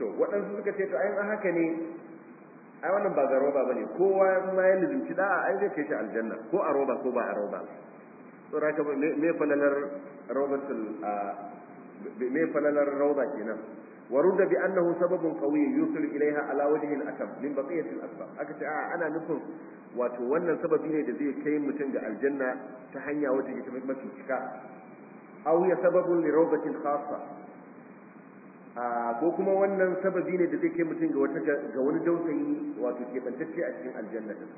to waɗansu suka ce to ayin haka ne ai wannan ba ga roba bane kowa ma ya lizinci da ai zai kai shi aljanna ko a roba ko ba a roba tsora ka me falalar robatul me falalar roba kenan ورد بأنه سبب قوي يوصل إليها على وجه الأكم من بقية الأسباب أكتا أنا نفهم wato wannan sababi ne da zai kai mutum ga aljanna ta hanya wata ke mafi cika auya sababin sababun li ko kuma wannan sababi ne da zai kai mutum ga wata ga wani dausayi wato keɓantacce a cikin aljanna din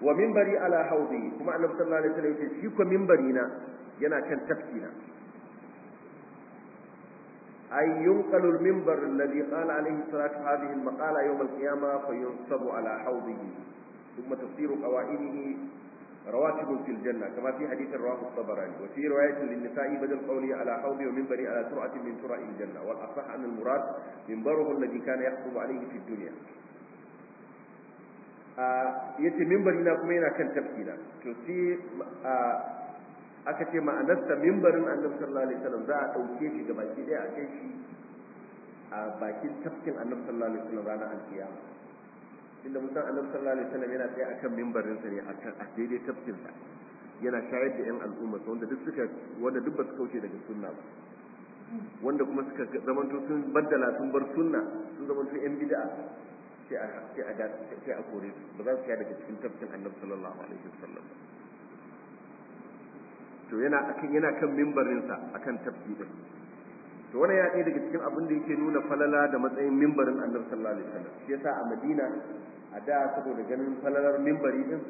wa minbari ala haudi kuma annabi sallallahu alaihi wasallam yace shi ko na yana kan tafsira أي ينقل المنبر الذي قال عليه الصلاة هذه المقالة يوم القيامة فينصب على حوضه ثم تفسير قوائمه رواتب في الجنة كما في حديث رواه الطبراني وفي رواية للنساء بدل قوله على حوض ومنبري على سرعة من سرع الجنة والأصح أن المراد منبره الذي كان يخطب عليه في الدنيا yace mimbari na kuma yana kan tafkina to sai aka ce ma'anarsa mimbarin annabi sallallahu alaihi wasallam za a ɗauke shi ga baki ɗaya a kai shi a bakin tafkin annabi sallallahu alaihi wasallam ranar alkiyama inda musan annabi sallallahu alaihi wasallam yana tsaye akan mimbarin sa ne a daidai tafkin sa yana shayar da yan al'umma wanda duk suka wanda duk ba su kauce daga sunna ba wanda kuma suka zamanto sun baddala sun bar sunna sun zamanto yan bid'a sai a sai a kore su ba za su kai daga cikin tafkin annabi sallallahu alaihi wasallam ba to yana yana kan mimbarinsa akan tafsi to wannan ya daga cikin abin da yake nuna falala da matsayin mimbarin annabi sallallahu alaihi wasallam shi yasa a Madina a da saboda ganin falalar mimbari din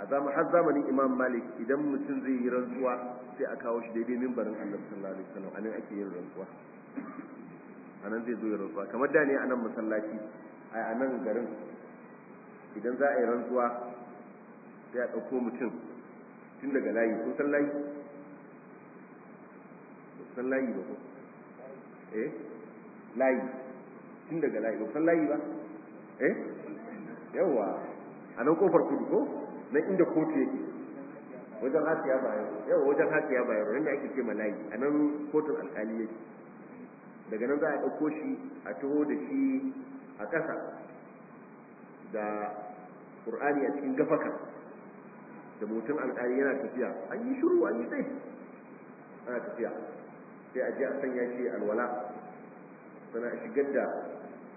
a zama har zamanin Imam Malik idan mutum zai yi rantsuwa sai a kawo shi daidai mimbarin annabi sallallahu alaihi wasallam anan ake yin rantsuwa anan zai zo ya rantsuwa kamar da ne anan masallaci ai anan garin idan za a yi rantsuwa sai a ɗauko mutum tun daga layi ko san layi san layi ba ko eh layi tun daga layi ba san layi ba eh yawa a nan kofar kudu ko nan inda kotu yake wajen ya bayar yawa wajen haka ya nan da ake ce ma layi a nan kotun alkali yake daga nan za a ɗauko shi a taho da shi a ƙasa da ƙur'ani a cikin gafaka da mutum alƙali yana tafiya an yi shiru an yi tsaye ana tafiya sai a je a sanya shi alwala sana a shigar da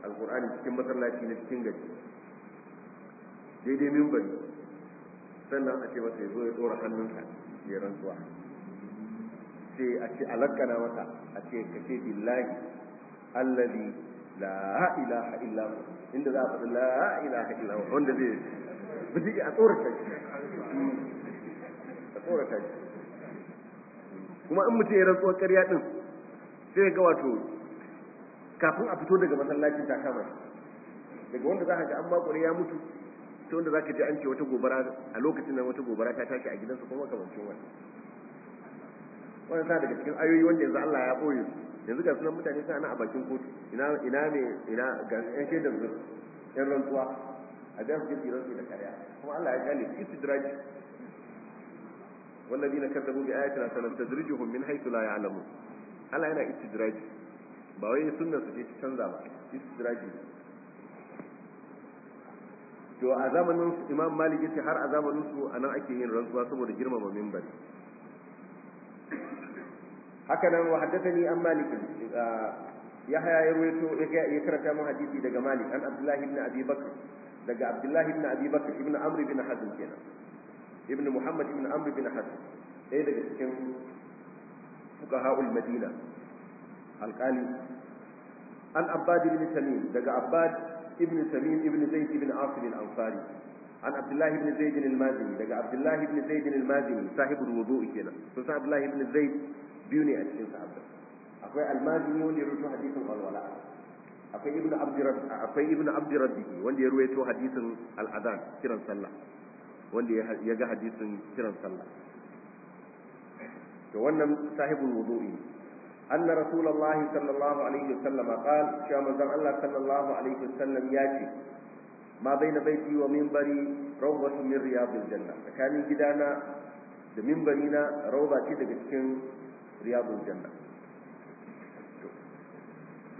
alƙur'ani cikin masallaci na cikin gari daidai mimbari sannan a ce masa ya zo ya tsora hannunsa ya rantsuwa sai a ce alakkana masa a ce ka ce billahi allazi la ilaha illa inda za a faɗi la ilaha illa wanda zai bid'i a tsorata shi a tsorata shi kuma in mutum ya rantsuwar ƙarya din sai ga wato kafin a fito daga masallacin ta kama daga wanda za ka ga an makure ya mutu sai wanda za ka ji an ce wata gobara a lokacin nan wata gobara ta tashi a gidansa kuma kamancin wani wannan sa daga cikin ayoyi wanda yanzu Allah ya ɓoye su yanzu ga sunan mutane sa a bakin kotu ina ina ne ina ga yan shaidar zur yan rantsuwa a da su jirgin rantsi da kariya kuma Allah ya kyale istidraji والذين كذبوا بآياتنا سنستدرجهم min haythu la يعلمون Allah yana istidraji ba wai sunna su ce canza ba istidraji to a zamanin su Imam Malik yace har a zamanin su anan ake yin rantsuwa saboda girmama minbari haka nan wa haddathani an Malik ah, Yahya ya rawaito ya karanta mu hadisi daga Malik an Abdullahi ibn Abi Bakr daga abdullahi ibn abi bakr ibn amr ibn hazm kenan ibn muhammad ibn amr ibn hazm ɗaya daga cikin fuqaha'ul madina alqali an abbad ibn tamim daga abbad ibn tamim ibn zayd ibn asim al-ansari عن عبد الله بن زيد المازني دقى عبد الله بن زيد المازني صاحب الوضوء كنا سوسا عبد الله بن زيد بيوني أتشين صاحب أخوي المازني يقول لي حديث الولاء akwai ibnu abdirab akwai ibnu wanda ya ruwaito hadisin al-adhan kiran sallah wanda ya ga hadisin kiran sallah to wannan sahibul wudu'i anna rasulullah sallallahu alaihi wasallam qala a manzon Allah sallallahu alaihi wasallam ya ce ma baina baiti wa minbari rawbatun min riyadil janna tsakanin gidana da minbarina rawba ce daga cikin riyadul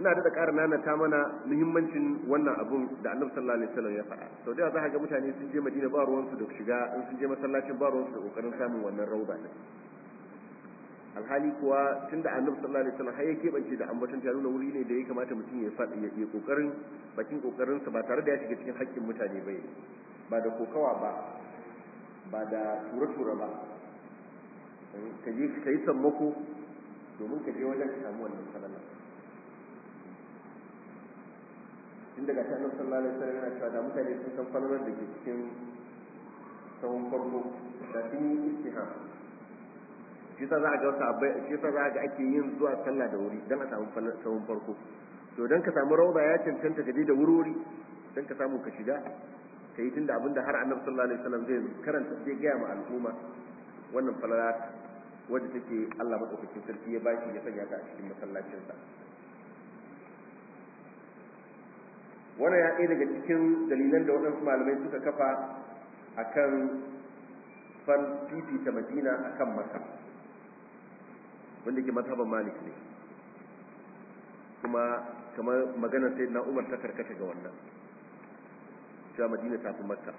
ina da ƙara nanata mana muhimmancin wannan abun da annabi sallallahu alaihi wasallam ya faɗa sau da za ka ga mutane sun je madina ba su da shiga in sun je masallacin ba ruwan su da kokarin samun wannan rauba din alhali kuwa tun da annabi sallallahu alaihi wasallam har ya keɓance da ambaton ta nuna wuri ne da ya kamata mutum ya faɗi ya yi kokarin bakin kokarin sa ba tare da ya shiga cikin haƙƙin mutane ba ba da kokawa ba ba da tura-tura ba eh, ka ka yi sammako domin ka je wajen ka samu wannan tun daga ta annabi sallallahu alaihi wasallam yana cewa da mutane sun san falalar da ke cikin tsawon farko da sun yi istiham shi yasa za a ga wasu abai shi yasa za a ga ake yin zuwa sallah da wuri dan a samu tsawon farko to dan ka samu rauda ya cancanta ka je da wuri dan ka samu ka shiga ka yi tunda abinda har annabi sallallahu alaihi wasallam zai karanta zai gaya ma al'umma wannan falala wadda take Allah madaukakin sarki ya bashi ya sanya ta a cikin masallacinsa wannan ya ɗaya daga cikin dalilan da waɗansu malamai suka kafa akan far fifita madina akan maka wanda ke mazhaban malik ne kuma kamar maganar sai na umar ta karkata ga wannan cewa madina ta fi makka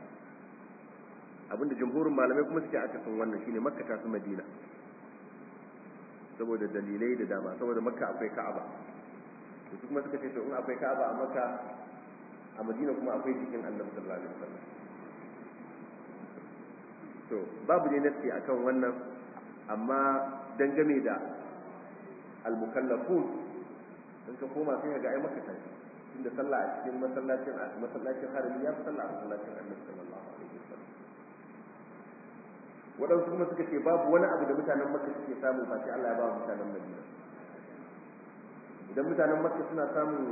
abinda jamhurin malamai kuma suke aka san wannan shine makka ta fi madina saboda dalilai da dama saboda makka akwai ka'aba su kuma suka ce to in akwai ka'aba a makka a madina kuma akwai jikin annabi sallallahu alaihi wasallam to babu ne nasi akan wannan amma dangane da al-mukallafun in ka koma sai ga ai maka tafi inda sallah a cikin masallacin masallacin harami ya sallah a masallacin annabi sallallahu alaihi wasallam waɗansu kuma suka ce babu wani abu da mutanen makka suke samu ba sai Allah ya ba mutanen madina idan mutanen makka suna samun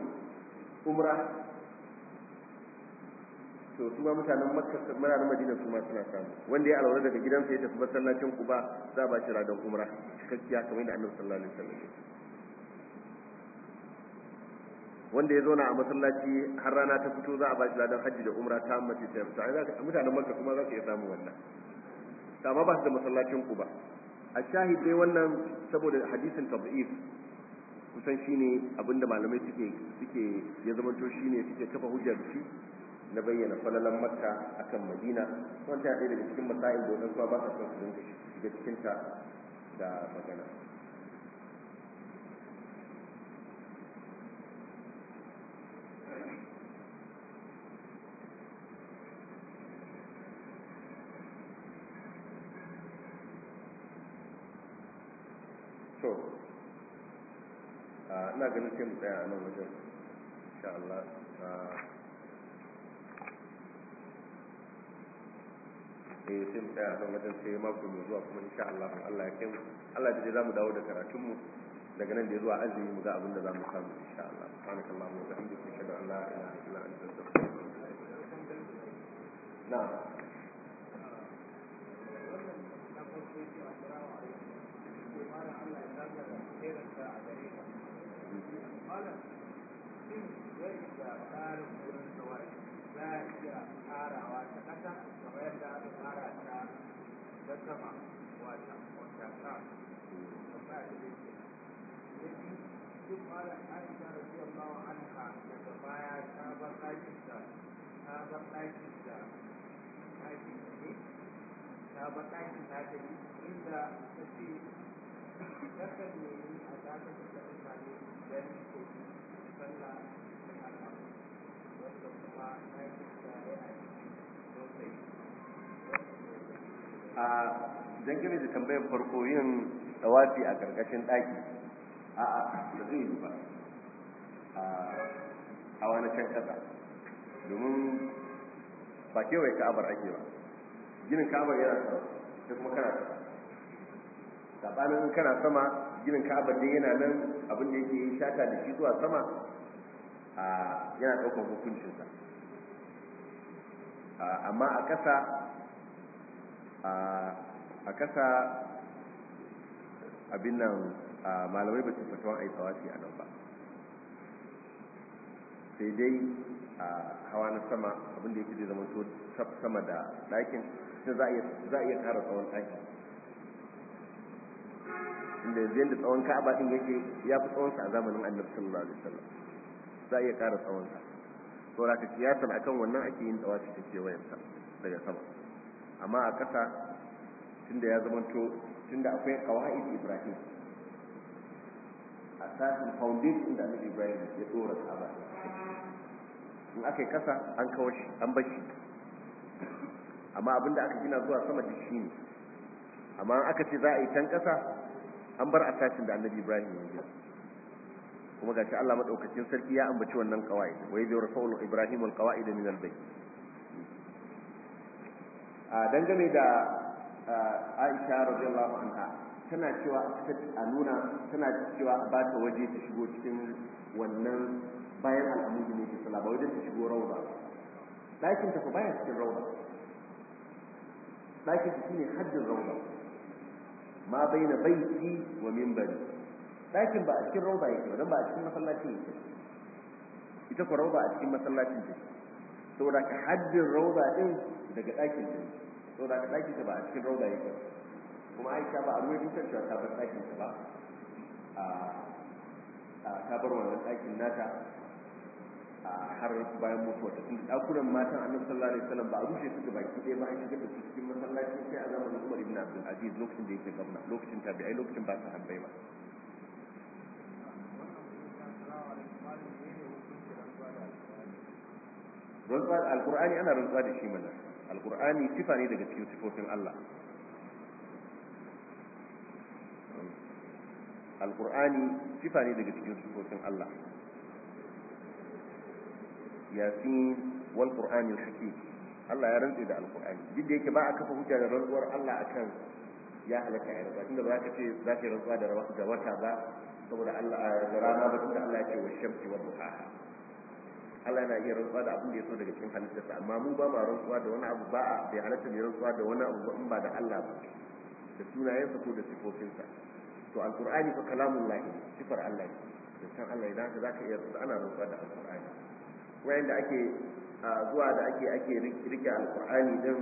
umra to su ma mutanen makka mutanen madina su ma suna samu wanda ya alwala daga gidansa ya tafi masallacin kuba za ba shi ladan umra cikakkiya kamar yadda annabi sallallahu alaihi wasallam wanda ya zauna a masallaci har rana ta fito za a ba shi ladan hajji da umra ta mace ta yarda mutanen makka kuma za su iya samu wannan to amma ba su da masallacin kuba a shahid dai wannan saboda hadisin tab'if kusan shine abinda malamai suke suke ya zamanto shine suke kafa hujjar shi na bayyana falalan makka akan madina wanda ya ɗaya daga cikin masail da wadansu ba sa son su dinga shiga cikinta da magana to ah, ina ganin sai mu tsaya a nan wajen insha Allah ah, eh sai mu tsaya a wajen sai mako mai zuwa kuma insha Allah in Allah ya kai mu Allah ya za mu dawo da karatun mu daga nan da ya zuwa azumi mu ga abin da za mu samu insha Allah subhanakallahu wa bihamdika ashhadu an la ilaha illa anta astaghfiruka wa atubu ilaik na'am قال في za a iya ƙarawa ta ƙasa kamar yadda aka fara ta ta sama wata wata ta da ba da da ke duk malam aisha radiyallahu anha daga baya ta bar ɗakin ta ta bar ɗakin ta ɗakin ta ne ta bar ɗakin ta ta ne inda ta ce takan nemi a dakatar da mutane don ko sallah a dangane da tambayar farko yin tawafi a karkashin daki a a da zai yi ba a wani can kasa domin ba kewaye ka'abar ake ba ginin ka'abar yana sama ta kuma kana sama sabanin in kana sama ginin ka'abar dai yana nan abin da yake shaka da shi zuwa sama a yana ɗaukar hukuncinsa amma a ƙasa a ƙasa abin nan malamai ba su fatawan a yi tsawafi a nan ba sai dai a hawa na sama abinda ya fi zai zama sama da ɗakin za a iya kara tsawon ɗakin inda yanzu yadda tsawon ka'aba ɗin yake ya fi tsawonsa a zamanin annabi sallallahu alaihi wasallam za a iya kara tsawonsa saboda ka kiyasan akan wannan ake yin tsawafi ta kewayensa daga sama amma a ƙasa tunda ya zamanto tunda akwai qawaid ibrahim asasin foundation da annabi ibrahim ya dora kaba in aka yi ƙasa an kawo shi an bashi amma abinda aka gina zuwa sama da shi ne amma aka ce za a yi can ƙasa an bar asasin da annabi ibrahim ya gina kuma shi Allah madaukakin sarki ya ambaci wannan qawaid wa yadhuru ibrahim alqawaid min albayt a dangane da Aisha radiyallahu anha tana cewa a nuna tana cewa a bata waje ta shigo cikin wannan bayan al'amudi ne ta ba wajen ta shigo rauda ɗakin ta fa baya cikin rauda ɗakin ta shine haddin rauda ma bai na baiti wa mimbari. ɗakin ba a cikin rauda yake ba dan ba a cikin masallacin yake ita ko rauda a cikin masallacin take saboda ka haddin rauda ɗin daga ɗakin ta to daga ɗakin ta ba a cikin rauda yake kuma aisha ba a ruwaito dukkan cewa ta bar ɗakin ta ba a ta bar wannan ɗakin nata har bayan mutuwa ta tun ɗakunan matan annabi sallallahu alaihi wasallam ba a rushe su gaba ki ɗaya ba an shigar da su cikin masallaci sai a zamanin Umar ibn Abdul Aziz lokacin da yake gwamna lokacin tabi'ai lokacin ba ta hanbai ba rantsuwa alkur'ani ana rantsuwa da shi mana alkur'ani sifa ne daga cikin sifofin Allah alkur'ani sifa ne daga cikin sifofin Allah yasin wal qur'anil hakim Allah ya rantse da alkur'ani duk da yake ba a kafa hujja da rantsuwar Allah akan ya halaka ya rantsa tunda ba ka ce za ka rantsuwa da wata ba saboda Allah da rana ba tunda Allah ya ce wa shamsi wa duhaha Allah na iya rantsuwa da abin da ya so daga cikin halittarsa amma mu ba ma rantsuwa da wani abu ba a bai halatta da rantsuwa da wani abu in ba da Allah ba da sunayensa ko da sifofinsa to alqur'ani fa lahi sifar Allah ne da san Allah idan ka zaka iya rantsuwa ana rantsuwa da alqur'ani da ake zuwa da ake ake rike alqur'ani din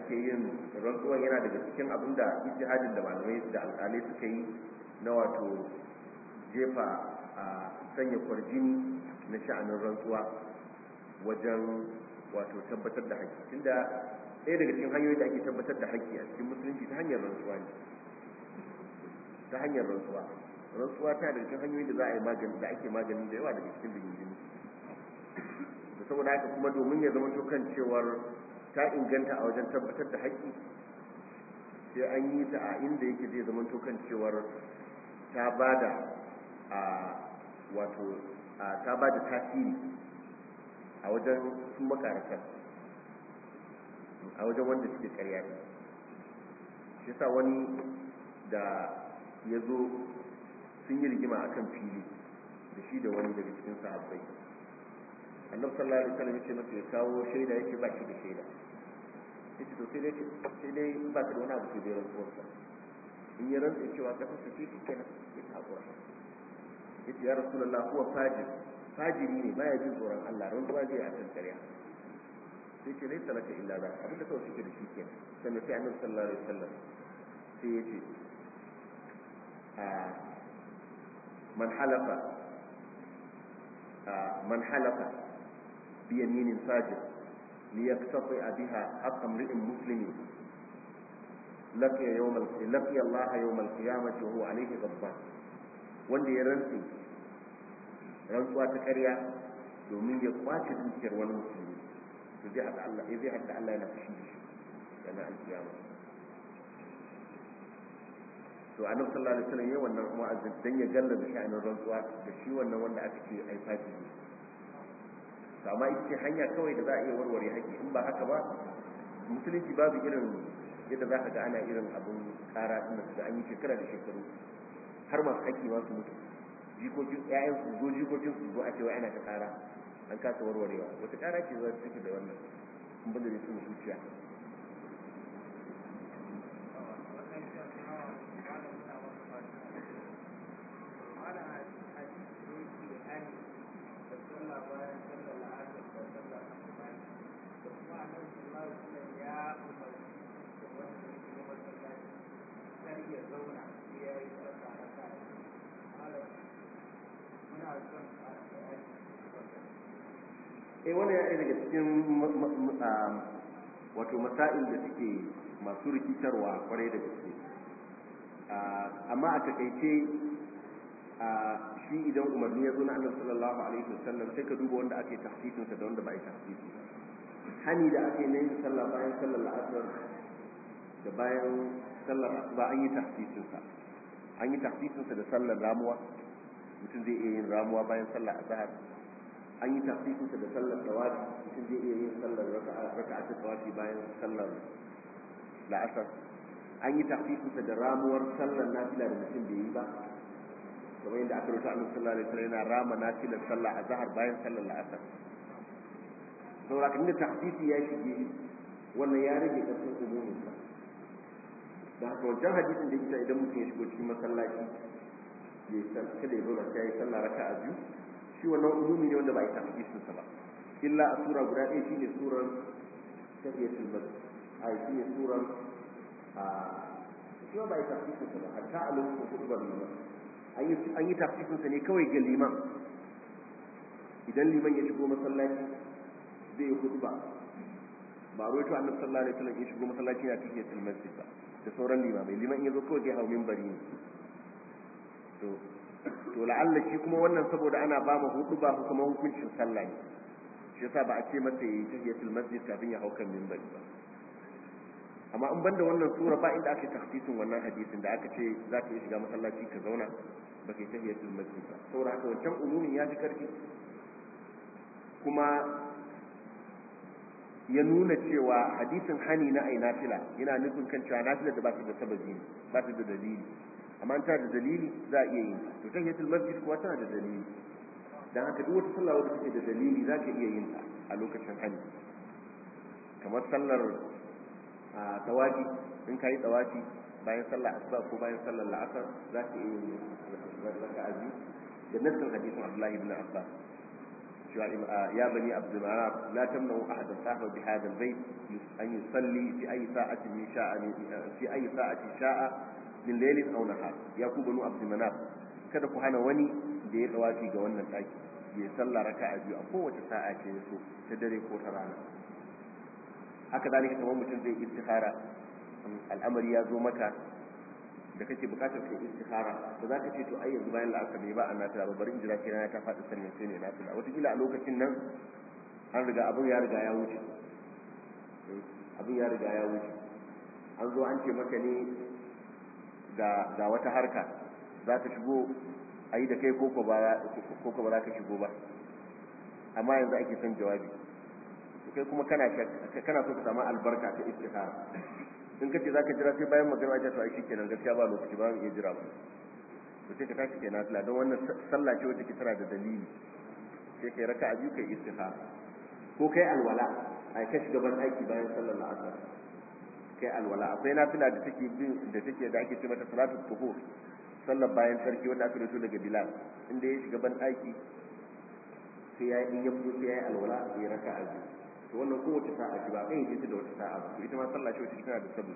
ake yin rantsuwan yana daga cikin abin da ijtihadin da malamai da alƙalai suka yi na wato jefa a sanya kwarjini na sha'anin rantsuwa wajen wato tabbatar da haƙƙi tunda ɗaya daga cikin hanyoyi da ake tabbatar da haƙƙi a cikin musulunci ta hanyar rantsuwa ne ta hanyar rantsuwa rantsuwa ta daga cikin hanyoyi da za a yi magani da ake magani da yawa daga cikin rigingimu da saboda haka kuma domin ya zama to kan cewar ta inganta a wajen tabbatar da haƙƙi sai an yi ta a inda yake zai zama to kan cewar ta bada a wato ta ba da tasiri a wajen su makarantar a wajen wanda suke karya ne shi sa wani da ya zo sun yi rigima a kan fili da shi da wani daga cikin sahabbai annabi sallallahu alaihi wasallam yake masa ya kawo shaida yake ba shi da shaida yake to sai dai sai dai ba ka da wani abu sai da rantsuwarsa in ya rantsa cewa ka fasa shi kenan ya hakura yace ya rasulullah huwa fajir fajiri ne baya jin tsoron Allah rantsuwa zai a kan karya sai ce laisa laka illa za abin da kawai suke da shi kenan sannan sai annabi sallallahu alaihi wasallam sai yace man halafa a man halafa bi yaminin fajir li yaqtati biha haqqa imri'in muslimin laqiya yawm al-laqiya Allah yawm al-qiyamah wa wanda ya rantse rantsuwa ta ƙarya domin ya kwace dukiyar wani musulmi to zai haɗa Allah ya eh, zai haɗa Allah yana fushi da shi yana alkiyama to a annabi sallallahu alaihi wasallam yayin wannan mu'azzin dan ya da sha'anin rantsuwa da shi wannan wanda aka ce ai fati ne to amma ita ce hanya kawai da za a iya warware haƙi in ba haka ba musulunci babu irin yadda za ka ga ana irin abin ƙara ɗin da an yi shekara da shekaru har masu haƙƙi ma su mutu jikokin ƴaƴan su zo jikokin su zo a cewa yana ta ƙara an kasa warwarewa wata ƙara ce za su da wannan kun bada su zuciya Wani ya daga cikin wato masa'il da suke masu rikitarwa kwarai da gaske amma a takaice shi idan umarni ya zo na annabi sallallahu alaihi wasallam sai ka duba wanda ake tafsirin sa da wanda ba a tafsiri hani da ake yin sallah bayan sallar asr da bayan sallar ba an yi tafsirin sa an yi tafsirin sa da sallar ramuwa mutum zai iya yin ramuwa bayan sallar azhar an yi tafifinsa da sallar tawafi mutum zai iya yin sallar raka'a ta tawafi bayan sallar la'asar an yi tafifinsa da ramuwar sallar nafila da mutum bai yi ba kamar yadda aka rubuta annabi sallallahu alaihi wasallam yana rama nafilar sallah a zahar bayan sallar la'asar saboda kan da tafifi ya shige wannan ya rage karfin umumin sa da haka wancan hadisin da yake idan mutum ya shigo cikin masallaci ya kada ya zauna sai ya yi sallah raka'a biyu shi wannan umumi ne wanda ba a samu isin sa ba illa a sura guda ɗaya shine suran tahiyatul masjid a shine suran a shi ba a yi isin sa ba hatta a lokacin khutbar liman an yi tafsirin sa ne kawai ga liman idan liman ya shigo masallaci zai yi kudu ba ba ruwaito annabi sallallahu alaihi wasallam ya shigo masallaci na tafiya masjid ba da sauran limamai liman ya zo kawai ga hau mimbari ne to to la'alla shi kuma wannan saboda ana ba mu hudu ba ku kuma hukuncin sallah ne shi yasa ba a ce masa yayi tahiyatul masjid kafin ya hau kan minbari ba amma in banda wannan sura ba inda aka takhsisin wannan hadisin da aka ce za ka iya shiga masallaci ka zauna ba kai tahiyatul masjid ba saboda haka wancan umumin ya fi karfi kuma ya nuna cewa hadisin hani na ai nafila yana nufin kan cewa nafila da ba su da sababi ba su da dalili amma an da dalili za a iya yin ta to tahiyatul masjid kuwa tana da dalili dan haka duk wata sallah wadda take da dalili za ka iya yin ta a lokacin hajji kamar sallar tawafi in ka yi tawafi bayan sallar asuba ko bayan sallar la'asar za ka iya yin raka azi da nassin hadisin abdullahi ibn abbas cewa ya bani abdul arab la tamna'u ahadan sahaba bi hadha al-bayt an yusalli fi ayi sa'atin sha'a fi ayi sa'atin sha'a billailin aw nahar ya ku banu abd manaf kada ku hana wani da ya dawafi ga wannan daki ya sallah raka'a biyu a kowace sa'a ce so ta dare ko ta rana haka zalika kamar mutum zai istihara al'amari ya zo maka da kake bukatar kai istihara to za ka ce to ai yanzu bayan la'asar ba a nata ba bari in jira kina ta faɗi sannan sai ne nafila wataƙila a lokacin nan an riga abin ya riga ya wuce eh, abin ya riga ya wuce an zo an ce maka ne ga wata harka za ka shigo a yi da kai koko ba za ka shigo ba amma yanzu ake son jawabi kai kuma kana so ka samu albarka ta istihara in ka ce za ka jira sai bayan magana ta a shi kenan gaskiya ba lokaci ba ya jira ba to sai ka tashi kai nafila don wannan sallah ce wacce ke da dalili sai kai raka'a biyu kai istihara ko kai alwala ai ka shiga ban aiki bayan sallar la'asar kai alwala akwai nafila da take bin da take da ake ce mata salatu tuhur sallar bayan sarki wanda aka rito daga bilal inda ya shiga ban aiki sai ya yi ya fito sai ya yi alwala ya raka a to wannan kowace sa'a ce ba kai yake da wata sa'a ba ita ma sallah ce wacce tana da sabu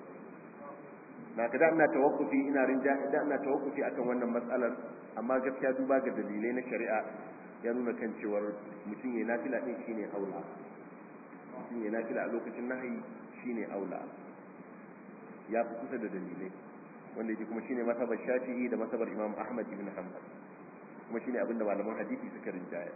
na ka da ina tawakkufi ina rinja da ina tawakkufi akan wannan matsalar amma gaskiya duba ga dalilai na shari'a ya nuna kan cewar mutum ya nafila din shine aula mutum ya nafila a lokacin nahayi shine aula ya fi kusa da dalilai wanda yake kuma shine masabar shafi'i da masabar imam ahmad ibn hanbal kuma shine abin da malaman hadisi suka rinjaya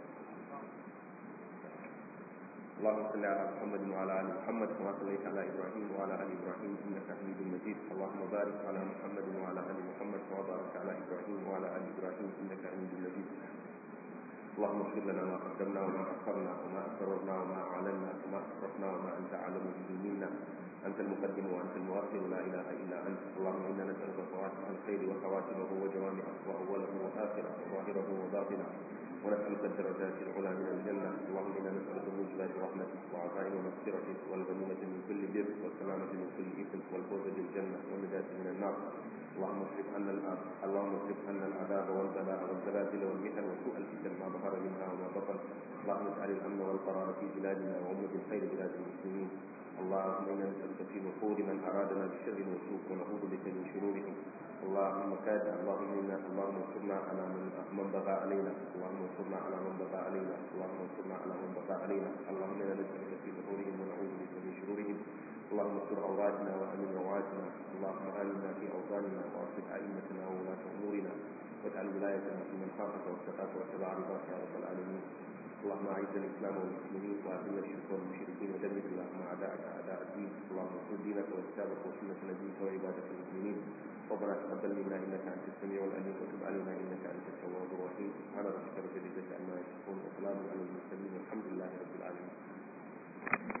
اللهم صل على محمد وعلى ال محمد كما صليت على ابراهيم وعلى ال ابراهيم انك حميد مجيد اللهم بارك على محمد وعلى ال محمد كما باركت على ابراهيم وعلى ال ابراهيم انك حميد مجيد اللهم اغفر لنا ما قدمنا وما اخرنا وما اسررنا وما اعلنا وما اسرفنا وما انت اعلم به منا أنت المقدم وأنت المؤخر لا إله إلا أنت اللهم إنا نسألك فواتح الخير وخواتمه وجوامعه وأوله وآخره وظاهره وباطنه ونسألك الدرجات العلى من الجنة اللهم إنا نسألك موجبات رحمتك وعزائم مغفرتك والغنيمة من كل بر والسلامة من كل إثم والفوز بالجنة والنجاة من النار اللهم اصرف عنا الأرض اللهم اصرف عنا العذاب والبلاء والزلازل والمحن وسوء الفتن ما ظهر منها وما بطن اللهم اجعل الأمن والقرار في بلادنا وأمة الخير بلاد المسلمين اللهم إنا نسألك في نفور من أرادنا بشر وسوء ونعوذ بك من شرورهم اللهم كاد اللهم إنا اللهم انصرنا على من من بغى علينا اللهم انصرنا على من بغى علينا اللهم انصرنا على من بغى علينا اللهم إنا نسألك في نفورهم ونعوذ بك من شرورهم اللهم استر عوراتنا وأمن رواتنا اللهم آمنا في أوطاننا وأصلح أئمتنا وولاة أمورنا واجعل ولايتنا في من خافك واتقاك واتبع رضاك يا رب العالمين اللهم اعز الاسلام والمسلمين واذل الشرك والمشركين ودمر اللهم اعداءك اعداء الدين اللهم انصر دينك وكتابك وسنه نبيك وعبادك المسلمين ربنا تقبل منا انك انت السميع العليم وتب علينا انك انت التواب الرحيم سبحان ربك رب العزه عما يصفون وسلام على المرسلين والحمد لله رب العالمين